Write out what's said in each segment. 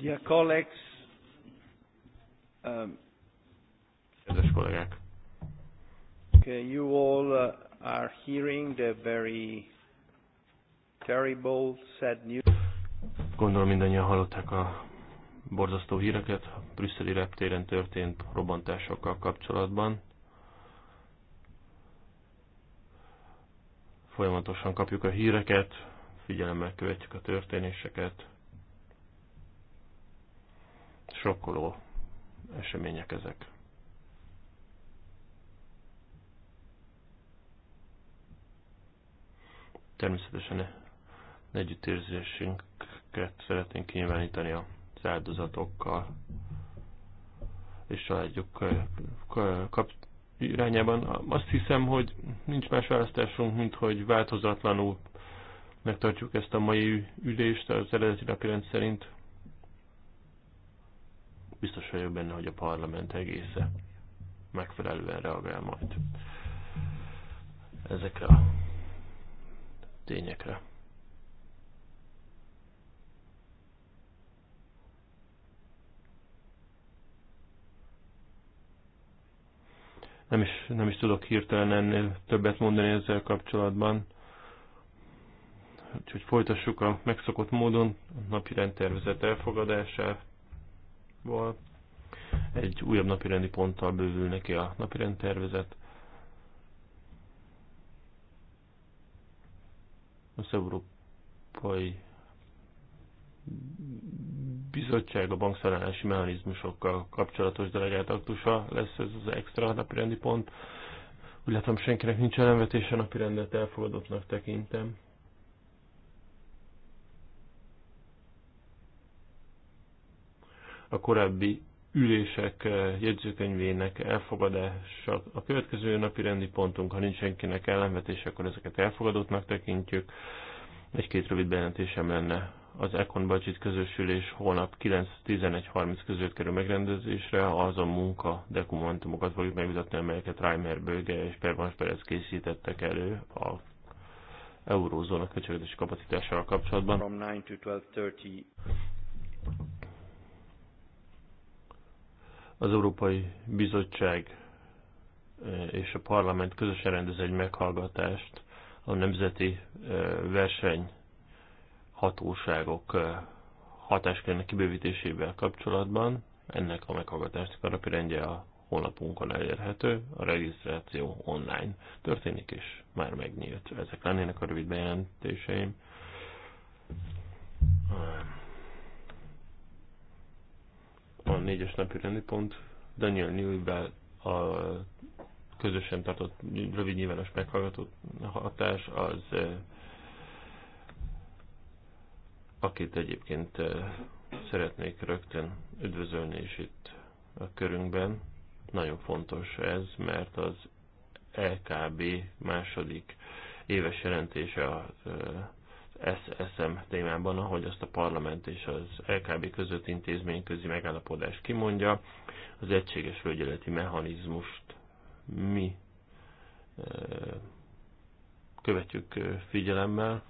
Dear colleagues, um, kollégák! Okay, you all uh, are hearing the very terrible, sad news. Gondolom mindannyian hallották a borzasztó híreket a brüsszeli reptéren történt robbantásokkal kapcsolatban. Folyamatosan kapjuk a híreket, figyelemmel követjük a történéseket, sokkoló események ezek. Természetesen együttérzésünket szeretnénk kinyilvánítani az áldozatokkal és családjuk kap irányában. Azt hiszem, hogy nincs más választásunk, mint hogy változatlanul megtartjuk ezt a mai ülést az eredeti napirend szerint. Biztos vagyok benne, hogy a parlament egésze megfelelően reagál majd ezekre a tényekre. nem is, nem is tudok hirtelen ennél többet mondani ezzel kapcsolatban. Úgyhogy folytassuk a megszokott módon a napi rendtervezet elfogadását val egy újabb napirendi ponttal bővül neki a napirend tervezet. Az Európai Bizottság a bankszállási mechanizmusokkal kapcsolatos delegált aktusa lesz ez az extra napirendi pont. Úgy látom, senkinek nincs ellenvetése napirendet elfogadottnak tekintem. a korábbi ülések eh, jegyzőkönyvének elfogadása a következő napi rendi pontunk. Ha nincs senkinek ellenvetés, akkor ezeket elfogadottnak tekintjük. Egy-két rövid bejelentésem lenne. Az Econ Budget közösülés holnap 9-11.30 között kerül megrendezésre, Az a munka dokumentumokat fogjuk megvitatni, amelyeket Reimer Böge és Pervans Perez készítettek elő a eurózóna költségvetési kapacitásával kapcsolatban. Az Európai Bizottság e, és a parlament közösen rendez egy meghallgatást a nemzeti e, verseny hatóságok e, hatáskörének kibővítésével kapcsolatban. Ennek a meghallgatásnak a rendje a honlapunkon elérhető, a regisztráció online történik, és már megnyílt. Ezek lennének a rövid bejelentéseim. A négyes napi rendi pont, Daniel Newell a közösen tartott rövid nyilvános meghallgató hatás az, eh, akit egyébként eh, szeretnék rögtön üdvözölni is itt a körünkben. Nagyon fontos ez, mert az LKB e második éves jelentése a eh, SSM témában, ahogy azt a parlament és az LKB között intézményközi megállapodás kimondja, az egységes felügyeleti mechanizmust mi követjük figyelemmel.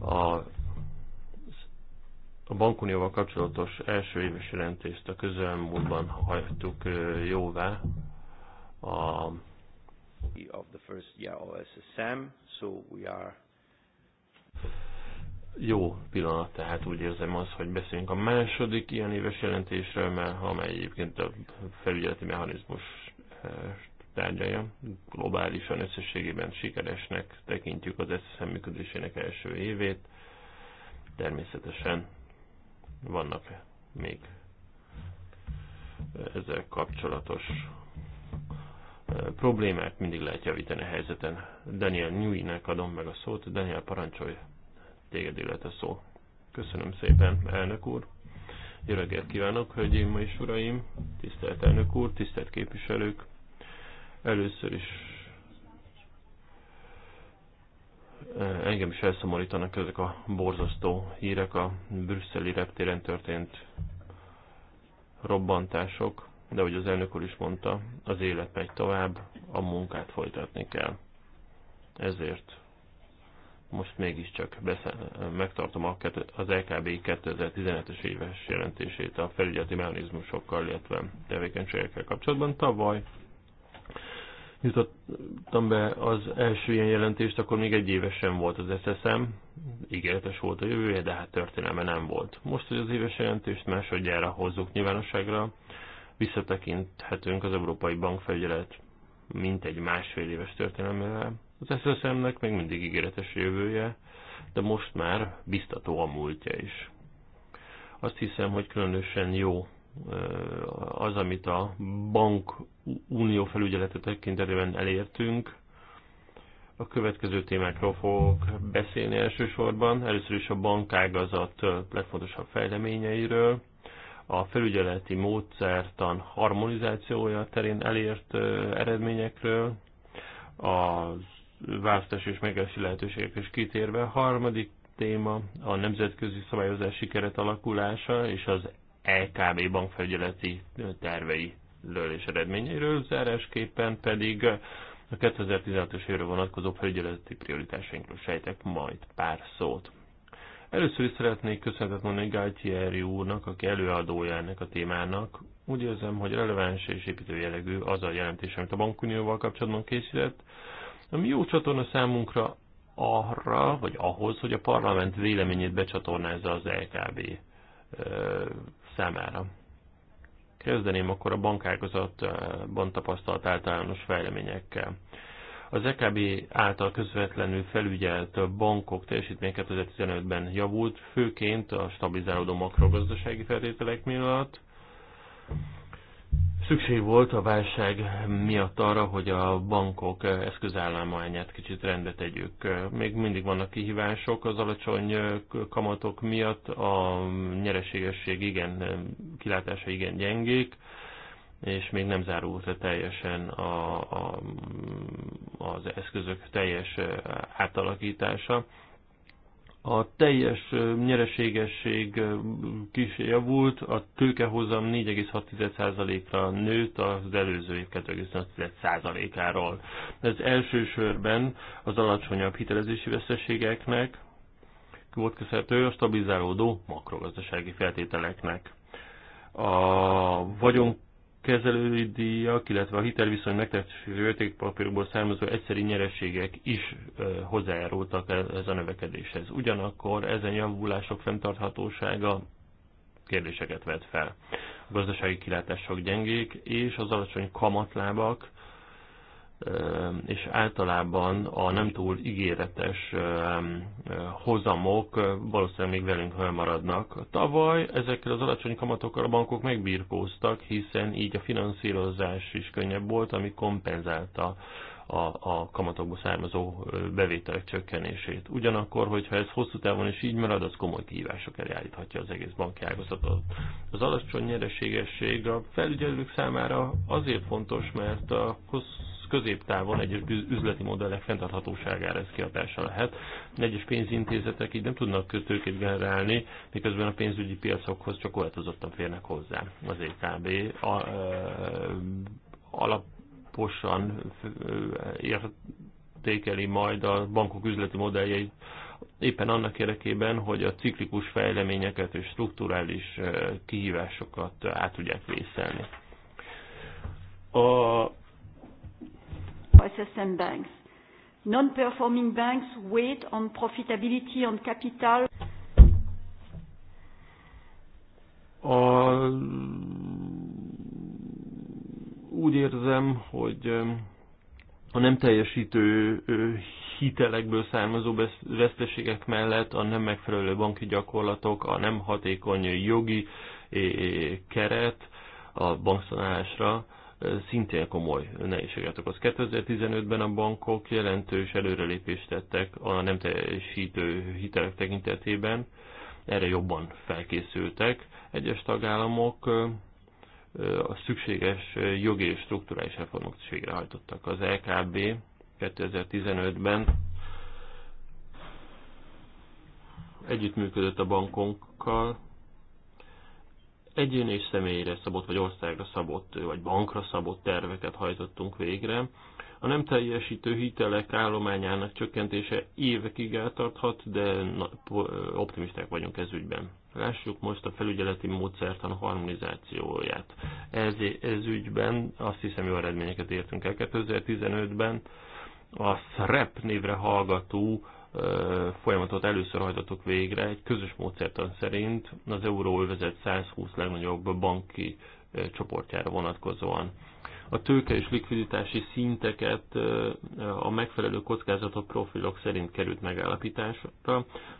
A, a bankunióval kapcsolatos első éves jelentést a közelmúltban hagytuk jóvá, of the first year OSSM, so we are jó pillanat, tehát úgy érzem az, hogy beszéljünk a második ilyen éves jelentésről, mert amely egyébként a felügyeleti mechanizmus eh, tárgyalja. Globálisan összességében sikeresnek tekintjük az SSM működésének első évét. Természetesen vannak még ezzel kapcsolatos problémát mindig lehet javítani a helyzeten. Daniel Newey-nek adom meg a szót. Daniel, parancsolj, téged illet a szó. Köszönöm szépen, elnök úr. Jó reggelt kívánok, hölgyeim és uraim, tisztelt elnök úr, tisztelt képviselők. Először is eh, engem is elszomorítanak ezek a borzasztó hírek, a brüsszeli reptéren történt robbantások de ahogy az elnök úr is mondta, az élet megy tovább, a munkát folytatni kell. Ezért most mégiscsak beszél, megtartom a, az LKB 2017-es éves jelentését a felügyeleti mechanizmusokkal, illetve tevékenységekkel kapcsolatban. Tavaly jutottam be az első ilyen jelentést, akkor még egy éves sem volt az SSM, ígéretes volt a jövője, de hát történelme nem volt. Most, hogy az éves jelentést másodjára hozzuk nyilvánosságra, visszatekinthetünk az Európai Bankfelügyelet mintegy másfél éves történelmével. Az SSM-nek még mindig ígéretes jövője, de most már biztató a múltja is. Azt hiszem, hogy különösen jó az, amit a bank unió felügyelete tekintetében elértünk. A következő témákról fogok beszélni elsősorban. Először is a bankágazat legfontosabb fejleményeiről, a felügyeleti módszertan harmonizációja terén elért eredményekről, a választás és megelső lehetőségek is kitérve. A harmadik téma a nemzetközi szabályozási keret alakulása és az LKB bankfelügyeleti terveiről és eredményeiről, zárásképpen pedig a 2016-os évre vonatkozó felügyeleti prioritásainkról sejtek majd pár szót. Először is szeretnék köszönetet mondani Gajtieri úrnak, aki előadója ennek a témának. Úgy érzem, hogy releváns és építő jellegű az a jelentés, amit a bankunióval kapcsolatban készített, ami jó csatorna számunkra arra, vagy ahhoz, hogy a parlament véleményét becsatornázza az LKB e számára. Kezdeném akkor a bankágazatban tapasztalt általános fejleményekkel. Az EKB által közvetlenül felügyelt bankok teljesítmény 2015-ben javult, főként a stabilizálódó makrogazdasági feltételek miatt. Szükség volt a válság miatt arra, hogy a bankok eszközállományát kicsit rendbe tegyük. Még mindig vannak kihívások az alacsony kamatok miatt, a nyereségesség igen, kilátása igen gyengék, és még nem zárult le teljesen a, a, az eszközök teljes átalakítása. A teljes nyereségesség kis javult, a tőkehozam 4,6%-ra nőtt az előző év 2,5%-áról. Ez elsősorban az alacsonyabb hitelezési veszteségeknek volt köszönhető a stabilizálódó makrogazdasági feltételeknek. A vagyunk kezelői díjak, illetve a hitelviszony megteremtésű értékpapírokból származó egyszeri nyereségek is hozzájárultak ez a növekedéshez. Ugyanakkor ezen javulások fenntarthatósága kérdéseket vet fel. A gazdasági kilátások gyengék, és az alacsony kamatlábak és általában a nem túl ígéretes hozamok valószínűleg még velünk maradnak. Tavaly ezekkel az alacsony kamatokkal a bankok megbírkóztak, hiszen így a finanszírozás is könnyebb volt, ami kompenzálta a, a kamatokból származó bevételek csökkenését. Ugyanakkor, hogyha ez hosszú távon is így marad, az komoly kihívások elé állíthatja az egész banki ágazatot. Az alacsony nyereségesség a felügyelők számára azért fontos, mert a hosszú középtávon egyes üzleti modellek fenntarthatóságára ez kihatása lehet. Egyes pénzintézetek így nem tudnak tőkét generálni, miközben a pénzügyi piacokhoz csak korlátozottan férnek hozzá. Az EKB a, ö, alaposan értékeli majd a bankok üzleti modelljeit, éppen annak érdekében, hogy a ciklikus fejleményeket és strukturális kihívásokat át tudják vészelni. A SSM banks. Non-performing banks weighed on profitability on capital. A, úgy érzem, hogy um, a nem teljesítő hitelekből származó veszteségek mellett a nem megfelelő banki gyakorlatok, a nem hatékony jogi keret a bankszanálásra szintén komoly nehézséget okoz. 2015-ben a bankok jelentős előrelépést tettek a nem teljesítő hitelek tekintetében, erre jobban felkészültek. Egyes tagállamok a szükséges jogi és strukturális reformok is végrehajtottak. Az LKB 2015-ben együttműködött a bankokkal egyén és személyre szabott, vagy országra szabott, vagy bankra szabott terveket hajtottunk végre. A nem teljesítő hitelek állományának csökkentése évekig eltarthat, de optimisták vagyunk ez ügyben. Lássuk most a felügyeleti módszertan harmonizációját. Ez, ez ügyben azt hiszem jó eredményeket értünk el. 2015-ben a SREP névre hallgató folyamatot először hajtottuk végre, egy közös módszertan szerint az euróövezet 120 legnagyobb banki csoportjára vonatkozóan. A tőke és likviditási szinteket a megfelelő kockázatok profilok szerint került megállapításra,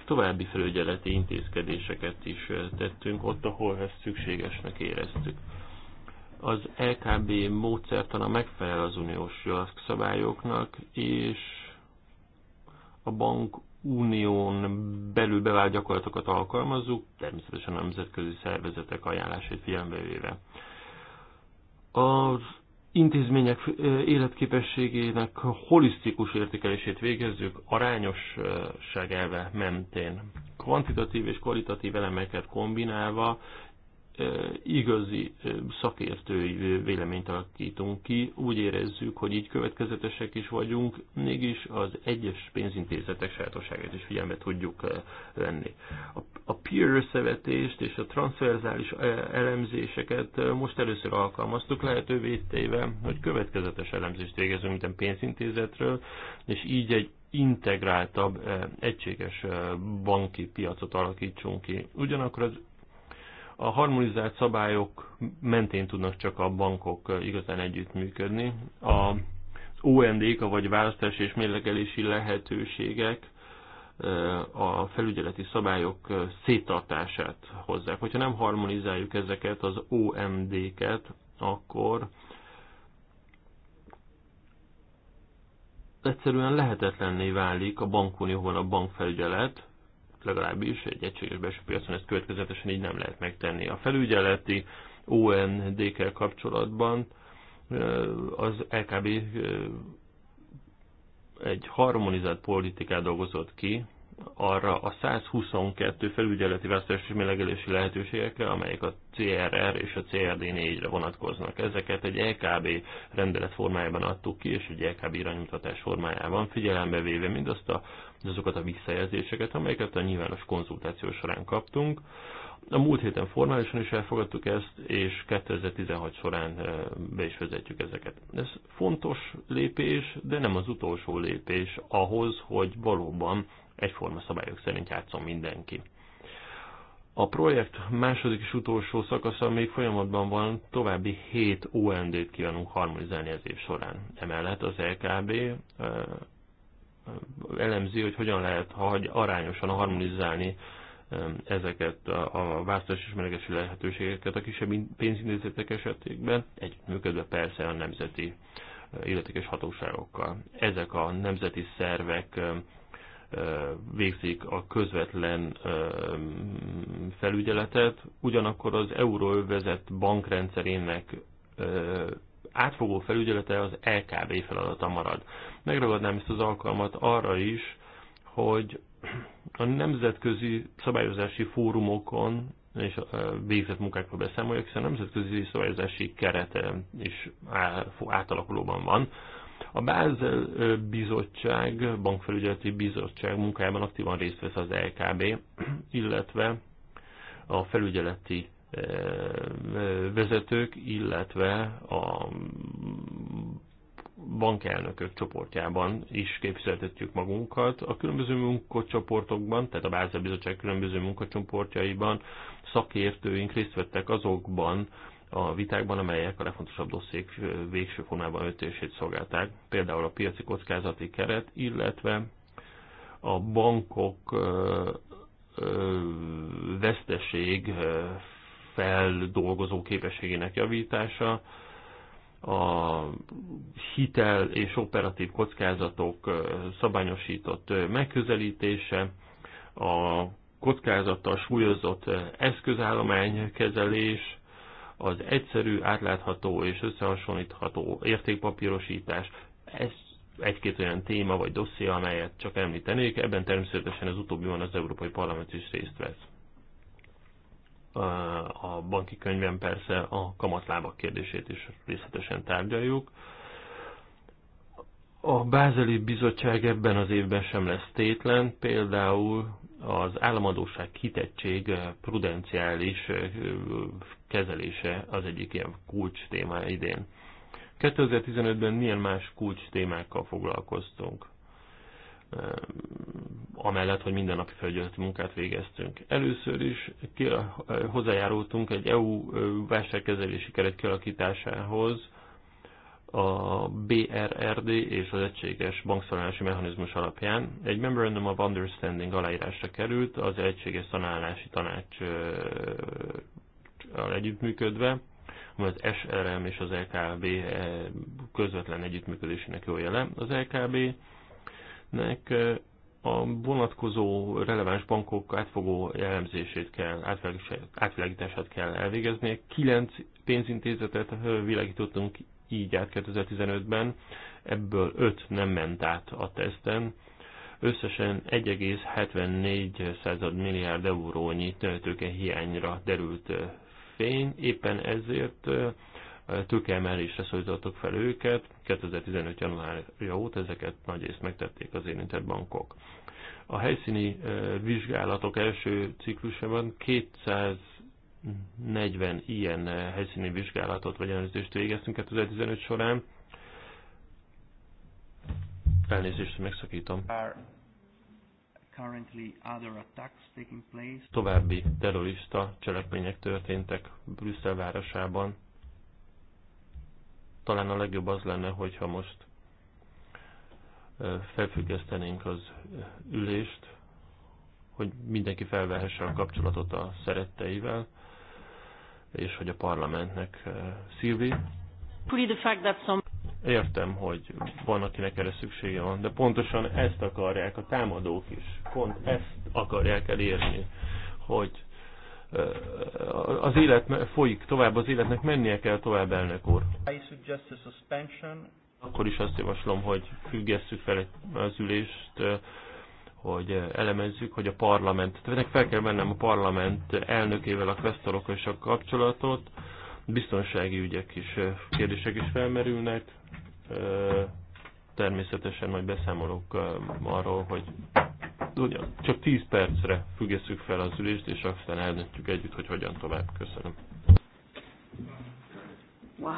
további felügyeleti intézkedéseket is tettünk ott, ahol ezt szükségesnek éreztük. Az LKB e módszertana megfelel az uniós jogszabályoknak, és a bank unión belül bevált gyakorlatokat alkalmazzuk, természetesen a nemzetközi szervezetek ajánlásait figyelembe véve. Az intézmények életképességének holisztikus értékelését végezzük arányosság elve mentén. Kvantitatív és kvalitatív elemeket kombinálva igazi szakértői véleményt alakítunk ki. Úgy érezzük, hogy így következetesek is vagyunk, mégis az egyes pénzintézetek sajátosságát is figyelme tudjuk venni. A peer összevetést és a transzverzális elemzéseket most először alkalmaztuk, lehetővé téve, hogy következetes elemzést végezünk minden pénzintézetről, és így egy integráltabb, egységes banki piacot alakítsunk ki. Ugyanakkor az a harmonizált szabályok mentén tudnak csak a bankok igazán együttműködni. A OMD-k, vagy választási és mérlegelési lehetőségek a felügyeleti szabályok széttartását hozzák. Hogyha nem harmonizáljuk ezeket az OMD-ket, akkor egyszerűen lehetetlenné válik a bankunióban a bankfelügyelet, legalábbis egy egységes belső piacon ezt következetesen így nem lehet megtenni. A felügyeleti OND-kel kapcsolatban az LKB egy harmonizált politikát dolgozott ki, arra a 122 felügyeleti választási melegelési lehetőségekre, amelyek a CRR és a CRD4-re vonatkoznak. Ezeket egy LKB e rendelet formájában adtuk ki, és egy LKB e iránymutatás formájában, figyelembe véve mindazt a, azokat a visszajelzéseket, amelyeket a nyilvános konzultáció során kaptunk. A múlt héten formálisan is elfogadtuk ezt, és 2016 során eh, be is vezetjük ezeket. Ez fontos lépés, de nem az utolsó lépés ahhoz, hogy valóban egyforma szabályok szerint játszom mindenki. A projekt második és utolsó szakasza még folyamatban van, további 7 OND-t kívánunk harmonizálni az év során. Emellett az LKB e elemzi, hogy hogyan lehet hogy arányosan harmonizálni ezeket a választás melegesi lehetőségeket a kisebb pénzintézetek esetében, együttműködve persze a nemzeti illetékes hatóságokkal. Ezek a nemzeti szervek végzik a közvetlen felügyeletet, ugyanakkor az euróövezett bankrendszerének átfogó felügyelete az LKB feladata marad. Megragadnám ezt az alkalmat arra is, hogy a nemzetközi szabályozási fórumokon és végzett munkákról beszámoljak, hiszen a nemzetközi szabályozási kerete is átalakulóban van. A Bázel Bizottság, Bankfelügyeleti Bizottság munkájában aktívan részt vesz az LKB, illetve a felügyeleti vezetők, illetve a bankelnökök csoportjában is képviseltetjük magunkat. A különböző munkacsoportokban, tehát a Bázel Bizottság különböző munkacsoportjaiban szakértőink részt vettek azokban a vitákban, amelyek a legfontosabb dosszék végső formában ötését szolgálták, például a piaci kockázati keret, illetve a bankok veszteség feldolgozó képességének javítása, a hitel és operatív kockázatok szabályosított megközelítése, a kockázattal súlyozott eszközállomány kezelés, az egyszerű, átlátható és összehasonlítható értékpapírosítás, ez egy-két olyan téma vagy dosszia, amelyet csak említenék, ebben természetesen az utóbbi van az Európai Parlament is részt vesz. A banki könyvben persze a kamatlábak kérdését is részletesen tárgyaljuk. A Bázeli Bizottság ebben az évben sem lesz tétlen, például az államadóság kitettség prudenciális kezelése az egyik ilyen kulcs témája idén. 2015-ben milyen más kulcs témákkal foglalkoztunk? Ehm, amellett, hogy minden napi felügyeleti munkát végeztünk. Először is hozzájárultunk egy EU e, válságkezelési keret kialakításához, a BRRD és az egységes bankszolgálási mechanizmus alapján egy Memorandum of Understanding aláírásra került az egységes szanálási tanács e, együttműködve, ami az SRM és az LKB eh, közvetlen együttműködésének jó jele. Az LKB-nek eh, a vonatkozó releváns bankok átfogó jellemzését kell, átvilágítását kell elvégezni. Kilenc pénzintézetet világítottunk így át 2015-ben, ebből öt nem ment át a teszten. Összesen 1,74 milliárd eurónyi tőkehiányra hiányra derült eh, fény, éppen ezért tőkeemelésre szólítottuk fel őket. 2015. januárja óta ezeket nagyrészt megtették az érintett bankok. A helyszíni vizsgálatok első ciklusában 200 40 ilyen helyszíni vizsgálatot vagy ellenőrzést végeztünk 2015 során. Elnézést, megszakítom. További terrorista cselekmények történtek Brüsszel városában. Talán a legjobb az lenne, hogyha most felfüggesztenénk az ülést, hogy mindenki felvehesse a kapcsolatot a szeretteivel, és hogy a parlamentnek szívi. Értem, hogy van, akinek erre szüksége van, de pontosan ezt akarják a támadók is. Pont ezt akarják elérni, hogy az élet folyik tovább, az életnek mennie kell tovább, elnök úr. Akkor is azt javaslom, hogy függesszük fel az ülést, hogy elemezzük, hogy a parlament, tehát fel kell mennem a parlament elnökével a kvesztorokkal a kapcsolatot, biztonsági ügyek is, kérdések is felmerülnek. Természetesen majd beszámolok arról, hogy ugyan, csak 10 percre függesszük fel az ülést, és aztán eldöntjük együtt, hogy hogyan tovább. Köszönöm. Wow.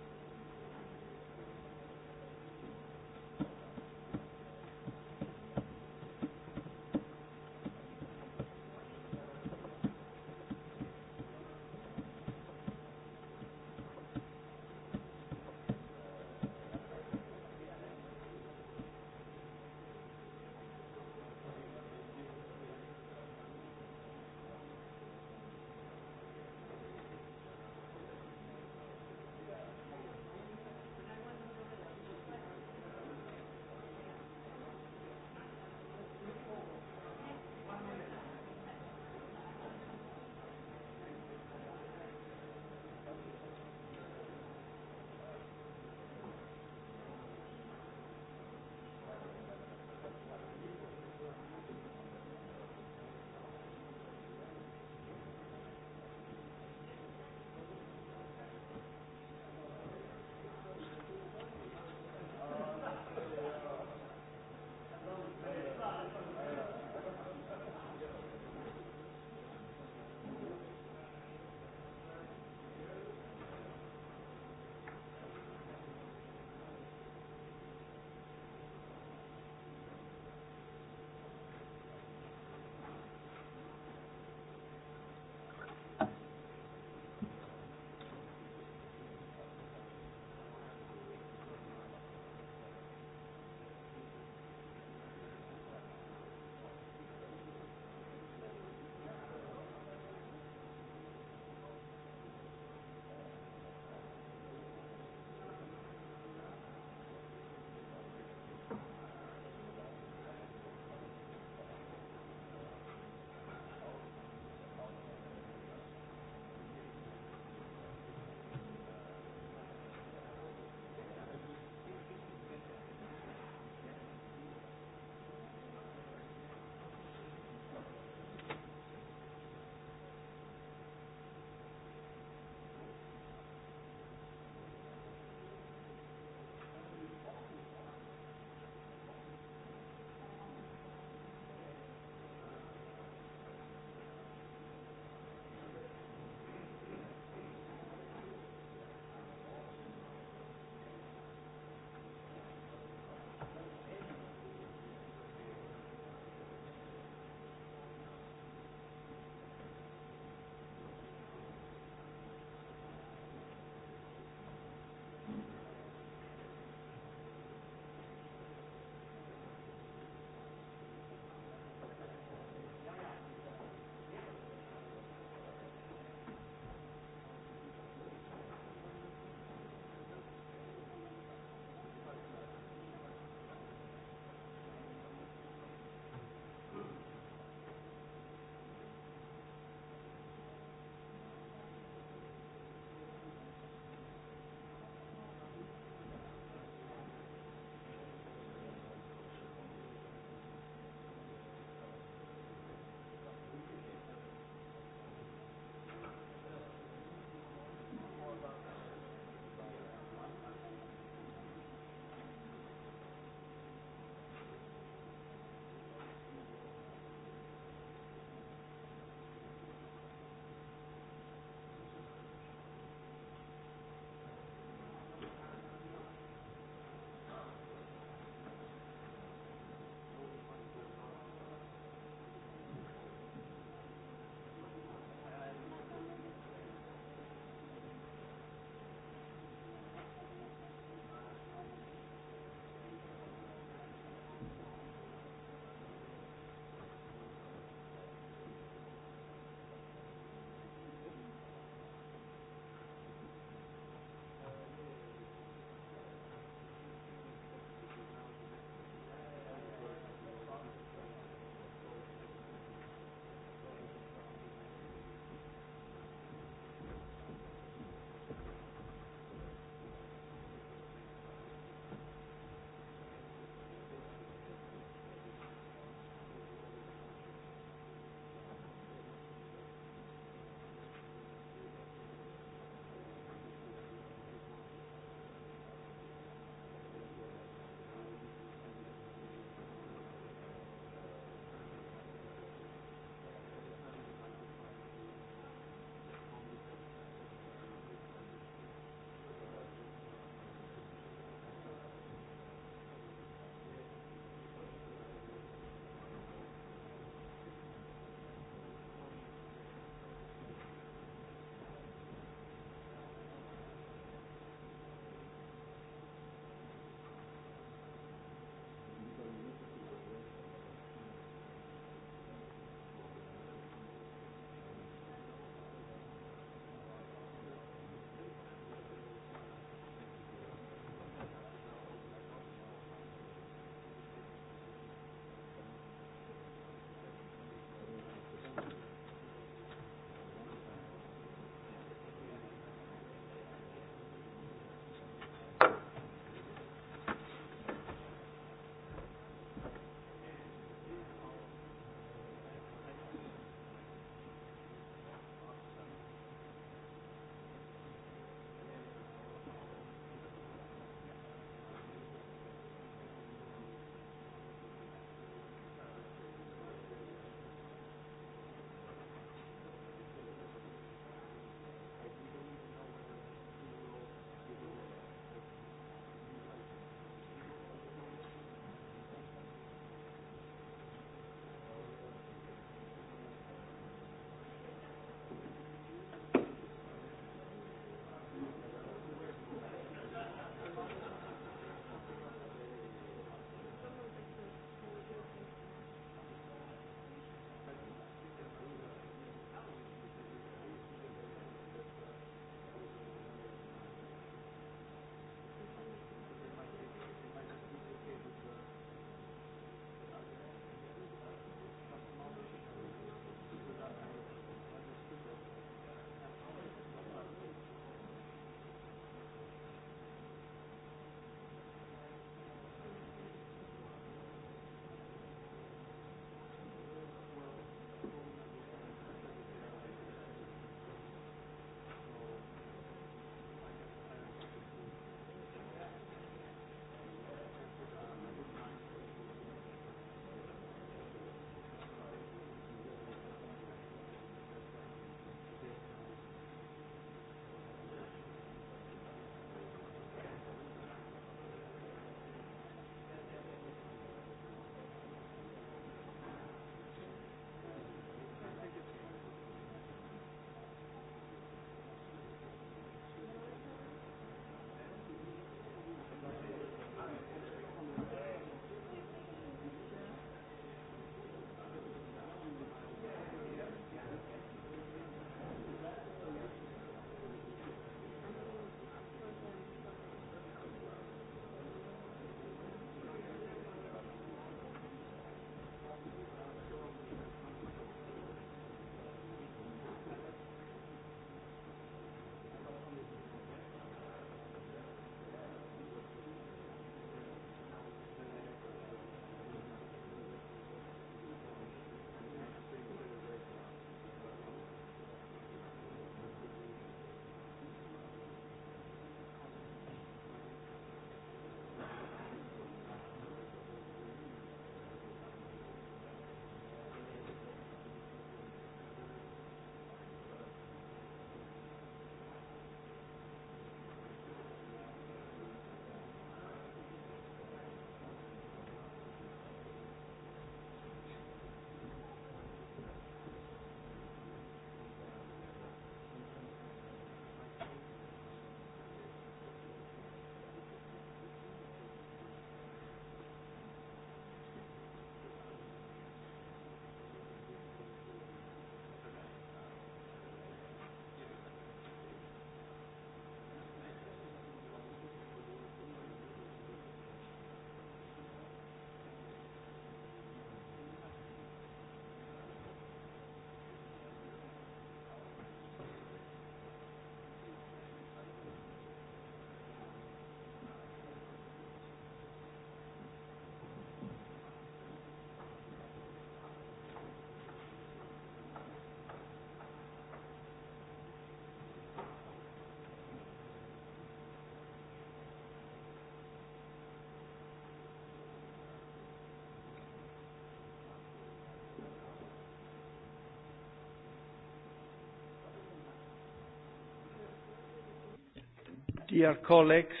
dear colleagues,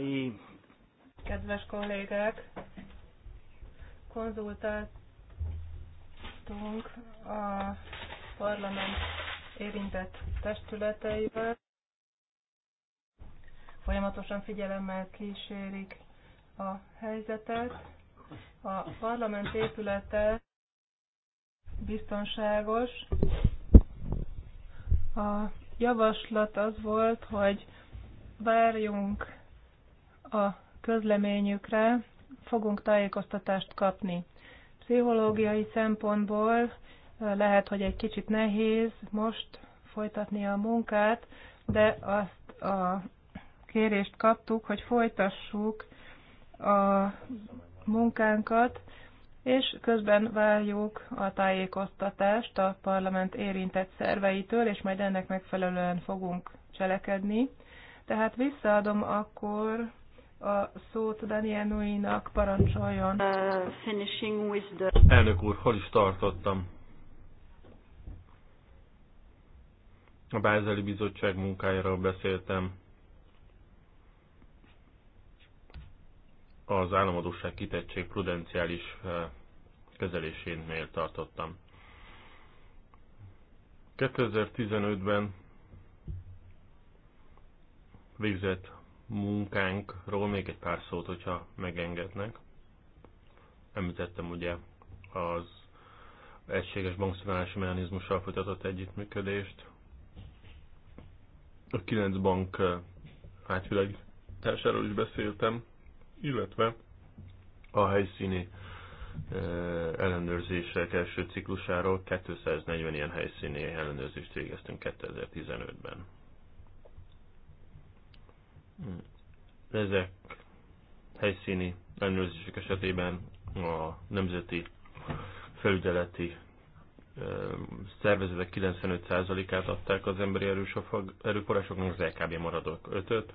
I... Kedves kollégák, konzultáltunk a parlament érintett testületeivel. Folyamatosan figyelemmel kísérik a helyzetet. A parlament épülete biztonságos. A javaslat az volt, hogy várjunk a közleményükre, fogunk tájékoztatást kapni. Pszichológiai szempontból lehet, hogy egy kicsit nehéz most folytatni a munkát, de azt a kérést kaptuk, hogy folytassuk a munkánkat, és közben várjuk a tájékoztatást a parlament érintett szerveitől, és majd ennek megfelelően fogunk cselekedni. Tehát visszaadom akkor a szót Daniel Nui-nak parancsoljon. Uh, finishing with the... Elnök úr, hol is tartottam? A Bázeli Bizottság munkájáról beszéltem. Az államadóság kitettség prudenciális uh, kezelésénél tartottam. 2015-ben végzett munkánkról még egy pár szót, hogyha megengednek. Említettem ugye az egységes bankszanálási mechanizmussal folytatott együttműködést. A kilenc bank eh, átvilágításáról is beszéltem, illetve a helyszíni eh, ellenőrzések első ciklusáról 240 ilyen helyszíni ellenőrzést végeztünk 2015-ben. Hmm. Ezek helyszíni ellenőrzések esetében a nemzeti felügyeleti szervezetek 95%-át adták az emberi erőforrásoknak, az LKB maradok 5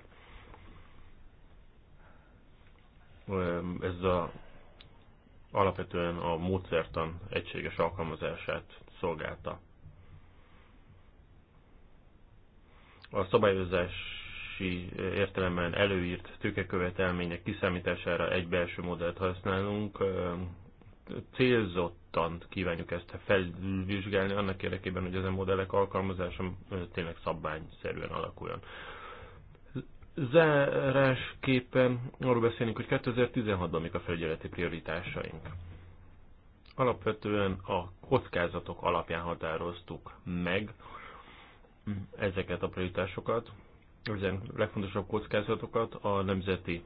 Ez a, alapvetően a módszertan egységes alkalmazását szolgálta. A szabályozás szabályozási értelemben előírt tőkekövetelmények kiszámítására egy belső modellt használunk. Célzottan kívánjuk ezt felvizsgálni annak érdekében, hogy ezen modellek alkalmazása tényleg szabványszerűen alakuljon. Zárásképpen arról beszélünk, hogy 2016-ban mik a felügyeleti prioritásaink. Alapvetően a kockázatok alapján határoztuk meg ezeket a prioritásokat ezen legfontosabb kockázatokat a nemzeti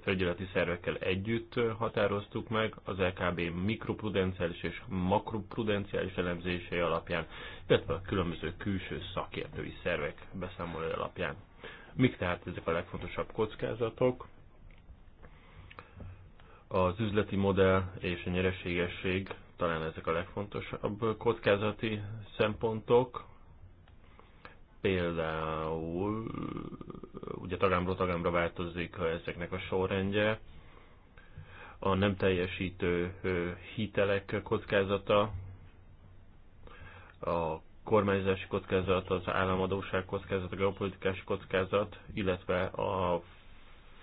felügyeleti szervekkel együtt határoztuk meg, az LKB mikroprudenciális és makroprudenciális elemzései alapján, illetve a különböző külső szakértői szervek beszámolói alapján. Mik tehát ezek a legfontosabb kockázatok? Az üzleti modell és a nyereségesség talán ezek a legfontosabb kockázati szempontok, Például ugye tagámról tagámra változik ezeknek a sorrendje, a nem teljesítő hitelek kockázata, a kormányzási kockázat, az államadóság kockázat, a geopolitikás kockázat, illetve a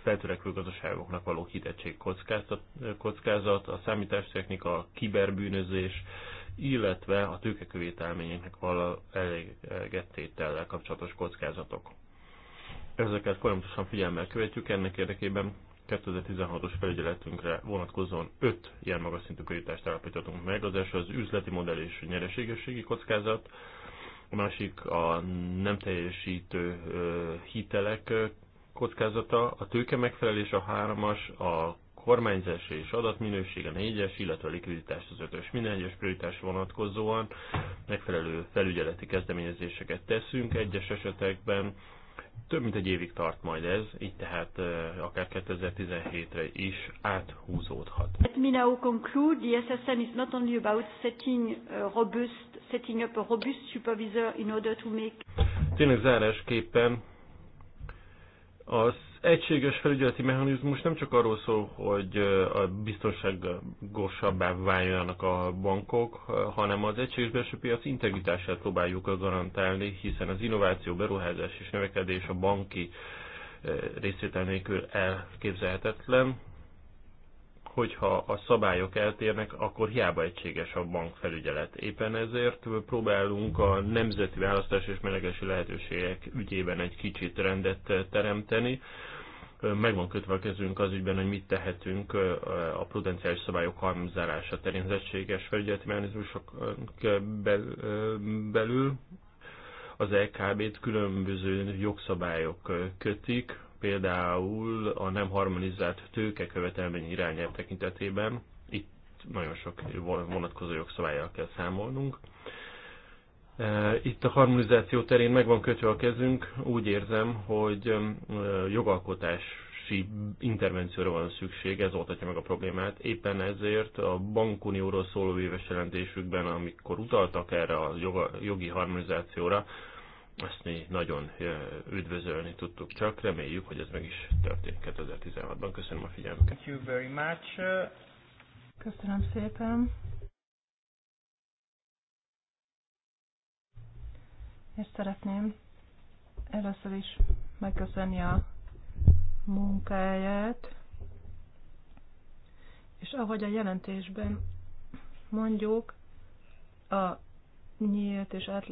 feltörekvő gazdaságoknak való hitettség kockázat, kockázat, a számítástechnika, a kiberbűnözés, illetve a tőkekövételményeknek való elégettétellel kapcsolatos kockázatok. Ezeket folyamatosan figyelmel követjük, ennek érdekében 2016-os felügyeletünkre vonatkozóan 5 ilyen magas szintű körítást állapítottunk meg. Az első az üzleti modell és nyereségességi kockázat, a másik a nem teljesítő hitelek kockázata, a tőke megfelelés a 3-as, a kormányzás és adatminőség a 4-es, illetve a likviditás az 5-ös. Minden egyes prioritás vonatkozóan megfelelő felügyeleti kezdeményezéseket teszünk. Egyes esetekben több mint egy évig tart majd ez, így tehát eh, akár 2017-re is áthúzódhat. Let me now conclude. The SSM is not only about setting, a eh, robust, setting up a robust supervisor in order to make... Tényleg zárásképpen az egységes felügyeleti mechanizmus nem csak arról szól, hogy a biztonságosabbá váljanak a bankok, hanem az egységes belső piac integritását próbáljuk garantálni, hiszen az innováció, beruházás és növekedés a banki részvétel nélkül elképzelhetetlen hogyha a szabályok eltérnek, akkor hiába egységes a bankfelügyelet. Éppen ezért próbálunk a nemzeti választás és melegesi lehetőségek ügyében egy kicsit rendet teremteni. Meg van kötve a kezünk az ügyben, hogy mit tehetünk a prudenciális szabályok harmonizálása terén az egységes felügyeleti mechanizmusok belül. Az LKB-t e különböző jogszabályok kötik, például a nem harmonizált követelmény irányelv tekintetében, itt nagyon sok vonatkozó jogszabályjal kell számolnunk. E, itt a harmonizáció terén meg van kötve a kezünk, úgy érzem, hogy e, jogalkotási intervencióra van szükség, ez oltatja meg a problémát. Éppen ezért a bankunióról szóló éves jelentésükben, amikor utaltak erre a jogi harmonizációra, ezt mi nagyon üdvözölni tudtuk csak, reméljük, hogy ez meg is történik 2016-ban. Köszönöm a figyelmüket. Thank you very much. Köszönöm szépen. És szeretném először is megköszönni a munkáját, és ahogy a jelentésben mondjuk, a nyílt és át,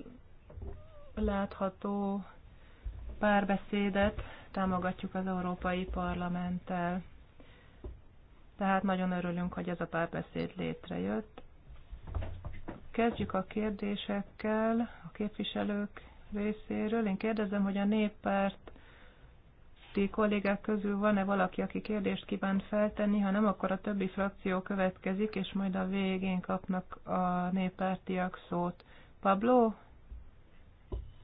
látható párbeszédet támogatjuk az Európai Parlamenttel. Tehát nagyon örülünk, hogy ez a párbeszéd létrejött. Kezdjük a kérdésekkel a képviselők részéről. Én kérdezem, hogy a néppárt ti kollégák közül van-e valaki, aki kérdést kíván feltenni, ha nem, akkor a többi frakció következik, és majd a végén kapnak a néppártiak szót. Pablo,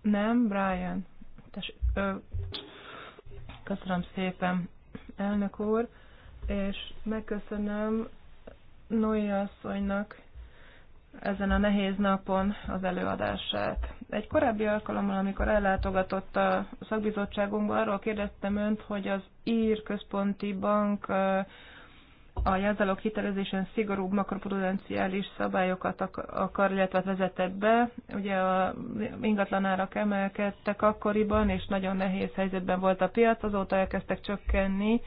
nem, Brian. Tess, ö, köszönöm szépen, elnök úr, és megköszönöm Noé asszonynak ezen a nehéz napon az előadását. Egy korábbi alkalommal, amikor ellátogatott a szakbizottságunkba, arról kérdeztem önt, hogy az Ír Központi Bank a jelzálók hitelezésen szigorúbb makroprudenciális szabályokat akar, illetve vezetett be. Ugye a ingatlanárak emelkedtek akkoriban, és nagyon nehéz helyzetben volt a piac, azóta elkezdtek csökkenni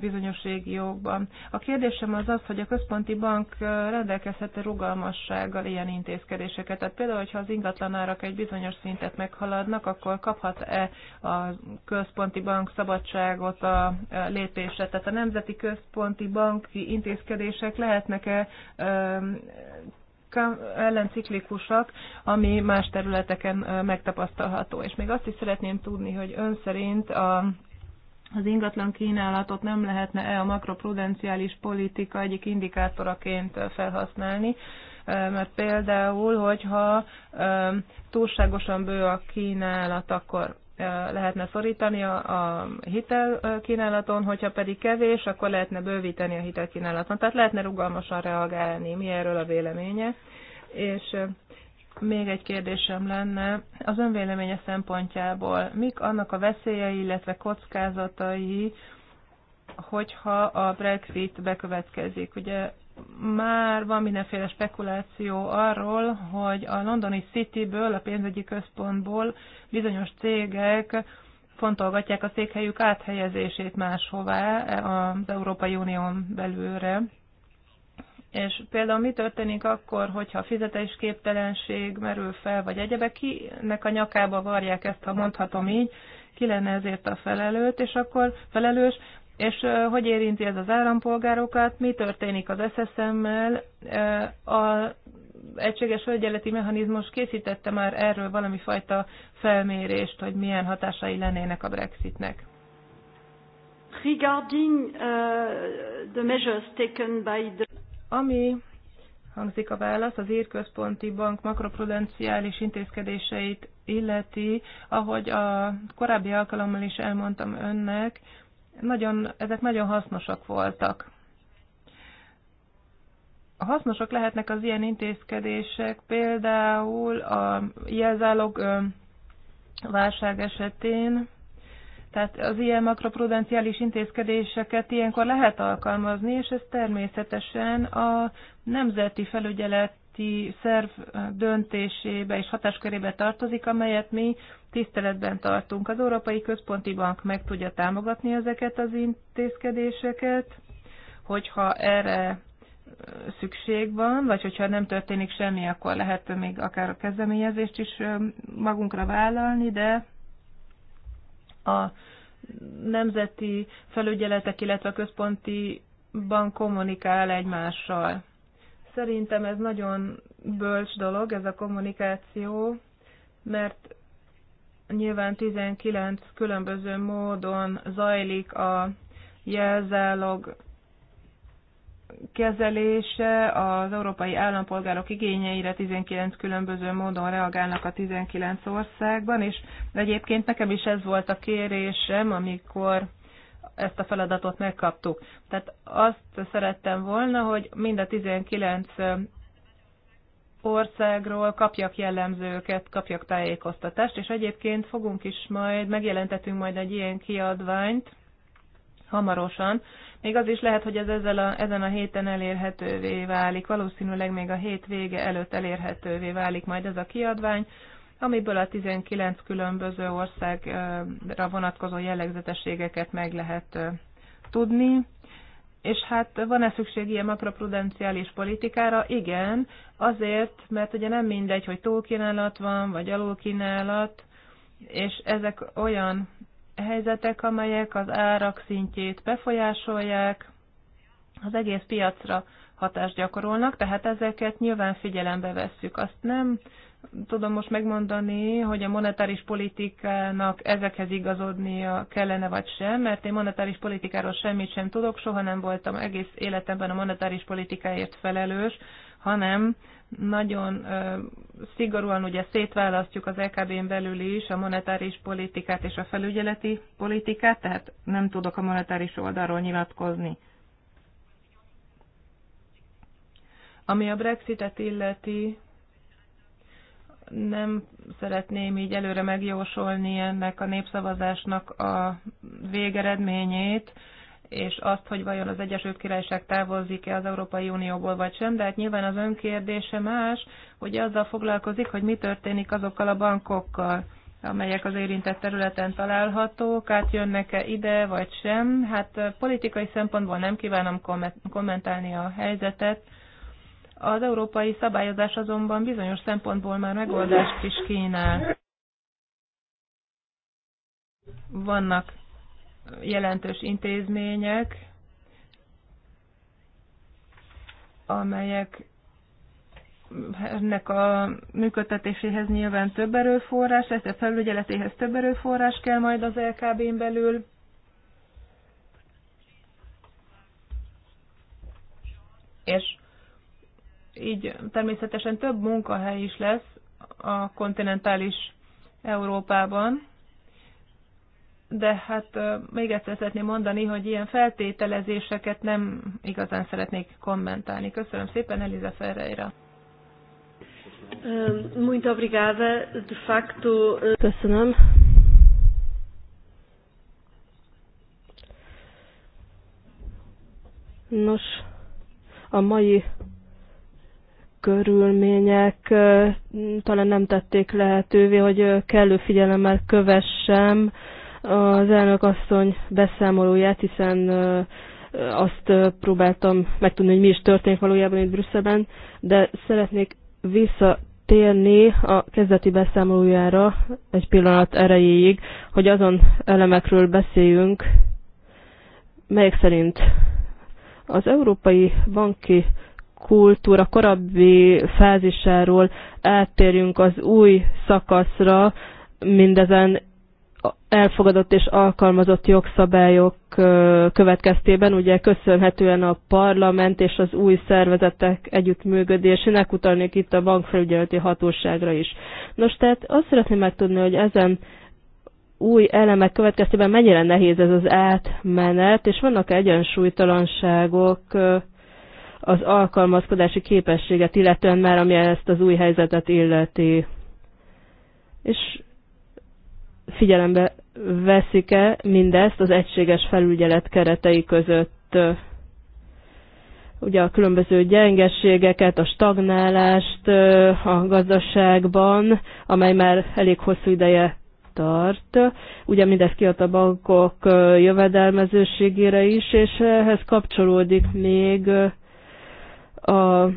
bizonyos régiókban. A kérdésem az az, hogy a központi bank rendelkezhet rugalmassággal ilyen intézkedéseket. Tehát például, hogyha az ingatlanárak egy bizonyos szintet meghaladnak, akkor kaphat-e a központi bank szabadságot a lépésre? Tehát a nemzeti központi banki intézkedések lehetnek-e ellenciklikusak, ami más területeken megtapasztalható. És még azt is szeretném tudni, hogy ön szerint a az ingatlan kínálatot nem lehetne-e a makroprudenciális politika egyik indikátoraként felhasználni, mert például, hogyha túlságosan bő a kínálat, akkor lehetne szorítani a, hitelkínálaton, hogyha pedig kevés, akkor lehetne bővíteni a hitelkínálaton. Tehát lehetne rugalmasan reagálni, mi erről a véleménye. És még egy kérdésem lenne, az önvéleménye szempontjából mik annak a veszélyei, illetve kockázatai, hogyha a Brexit bekövetkezik? Ugye már van mindenféle spekuláció arról, hogy a londoni Cityből, a pénzügyi központból bizonyos cégek fontolgatják a székhelyük áthelyezését máshová az Európai Unión belőre. És például mi történik akkor, hogyha fizetésképtelenség merül fel, vagy egyebek, kinek a nyakába varják ezt, ha mondhatom így, ki lenne ezért a felelőt, és akkor felelős, és hogy érinti ez az állampolgárokat, mi történik az SSM-mel, a egységes felügyeleti mechanizmus készítette már erről valami fajta felmérést, hogy milyen hatásai lennének a Brexitnek. Regarding uh, the measures taken by the ami hangzik a válasz, az Írközponti Bank makroprudenciális intézkedéseit illeti, ahogy a korábbi alkalommal is elmondtam önnek, nagyon, ezek nagyon hasznosak voltak. A hasznosak lehetnek az ilyen intézkedések, például a jelzálog válság esetén, tehát az ilyen makroprudenciális intézkedéseket ilyenkor lehet alkalmazni, és ez természetesen a nemzeti felügyeleti szerv döntésébe és hatáskörébe tartozik, amelyet mi tiszteletben tartunk. Az Európai Központi Bank meg tudja támogatni ezeket az intézkedéseket, hogyha erre szükség van, vagy hogyha nem történik semmi, akkor lehet még akár a kezdeményezést is magunkra vállalni, de a nemzeti felügyeletek, illetve a központi bank kommunikál egymással. Szerintem ez nagyon bölcs dolog, ez a kommunikáció, mert nyilván 19 különböző módon zajlik a jelzálog kezelése, az európai állampolgárok igényeire 19 különböző módon reagálnak a 19 országban, és egyébként nekem is ez volt a kérésem, amikor ezt a feladatot megkaptuk. Tehát azt szerettem volna, hogy mind a 19 országról kapjak jellemzőket, kapjak tájékoztatást, és egyébként fogunk is majd, megjelentetünk majd egy ilyen kiadványt hamarosan, még az is lehet, hogy ez ezzel a, ezen a héten elérhetővé válik, valószínűleg még a hét vége előtt elérhetővé válik majd ez a kiadvány, amiből a 19 különböző országra vonatkozó jellegzetességeket meg lehet tudni. És hát van-e szükség ilyen makroprudenciális politikára? Igen, azért, mert ugye nem mindegy, hogy túlkínálat van, vagy alulkínálat, és ezek olyan helyzetek, amelyek az árak szintjét befolyásolják, az egész piacra hatást gyakorolnak, tehát ezeket nyilván figyelembe vesszük. Azt nem tudom most megmondani, hogy a monetáris politikának ezekhez igazodnia kellene vagy sem, mert én monetáris politikáról semmit sem tudok, soha nem voltam egész életemben a monetáris politikáért felelős, hanem nagyon ö, szigorúan ugye szétválasztjuk az LKB-n belül is a monetáris politikát és a felügyeleti politikát, tehát nem tudok a monetáris oldalról nyilatkozni. Ami a Brexitet illeti, nem szeretném így előre megjósolni ennek a népszavazásnak a végeredményét, és azt, hogy vajon az Egyesült Királyság távozik-e az Európai Unióból vagy sem, de hát nyilván az önkérdése más, hogy azzal foglalkozik, hogy mi történik azokkal a bankokkal, amelyek az érintett területen találhatók, átjönnek-e ide vagy sem. Hát politikai szempontból nem kívánom kommentálni a helyzetet, az európai szabályozás azonban bizonyos szempontból már megoldást is kínál. Vannak jelentős intézmények, amelyek ennek a működtetéséhez nyilván több erőforrás, ezt a felügyeletéhez több erőforrás kell majd az LKB-n belül. És így természetesen több munkahely is lesz a kontinentális Európában, de hát még egyszer szeretném mondani, hogy ilyen feltételezéseket nem igazán szeretnék kommentálni. Köszönöm szépen, Eliza Ferreira. Ehm, muito obrigada, de facto. Eh, Köszönöm. Nos, a mai körülmények talán nem tették lehetővé, hogy kellő figyelemmel kövessem az elnök asszony beszámolóját, hiszen azt próbáltam megtudni, hogy mi is történik valójában itt Brüsszelben, de szeretnék visszatérni a kezdeti beszámolójára egy pillanat erejéig, hogy azon elemekről beszéljünk, melyek szerint az Európai Banki kultúra korábbi fázisáról áttérjünk az új szakaszra, mindezen elfogadott és alkalmazott jogszabályok következtében, ugye köszönhetően a parlament és az új szervezetek együttműködésének, utalnék itt a bankfelügyeleti hatóságra is. Nos, tehát azt szeretném megtudni, hogy ezen új elemek következtében mennyire nehéz ez az átmenet, és vannak egyensúlytalanságok az alkalmazkodási képességet illetően már, ami ezt az új helyzetet illeti. És figyelembe veszik-e mindezt az egységes felügyelet keretei között? Ugye a különböző gyengességeket, a stagnálást a gazdaságban, amely már elég hosszú ideje tart. Ugye mindez kiad a bankok jövedelmezőségére is, és ehhez kapcsolódik még a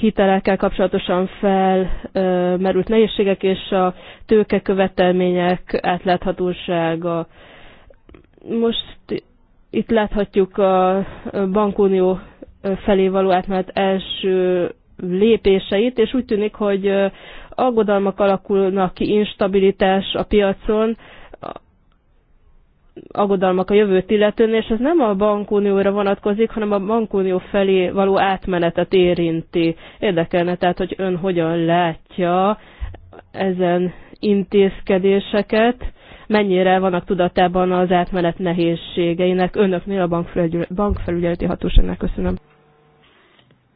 hitelekkel kapcsolatosan felmerült nehézségek és a tőkekövetelmények átláthatósága. Most itt láthatjuk a bankunió felé való átmenet első lépéseit, és úgy tűnik, hogy aggodalmak alakulnak ki, instabilitás a piacon, aggodalmak a jövőt illetően, és ez nem a bankunióra vonatkozik, hanem a bankunió felé való átmenetet érinti. Érdekelne tehát, hogy ön hogyan látja ezen intézkedéseket, mennyire vannak tudatában az átmenet nehézségeinek önöknél a bankfelügyeleti hatóságnak. Köszönöm.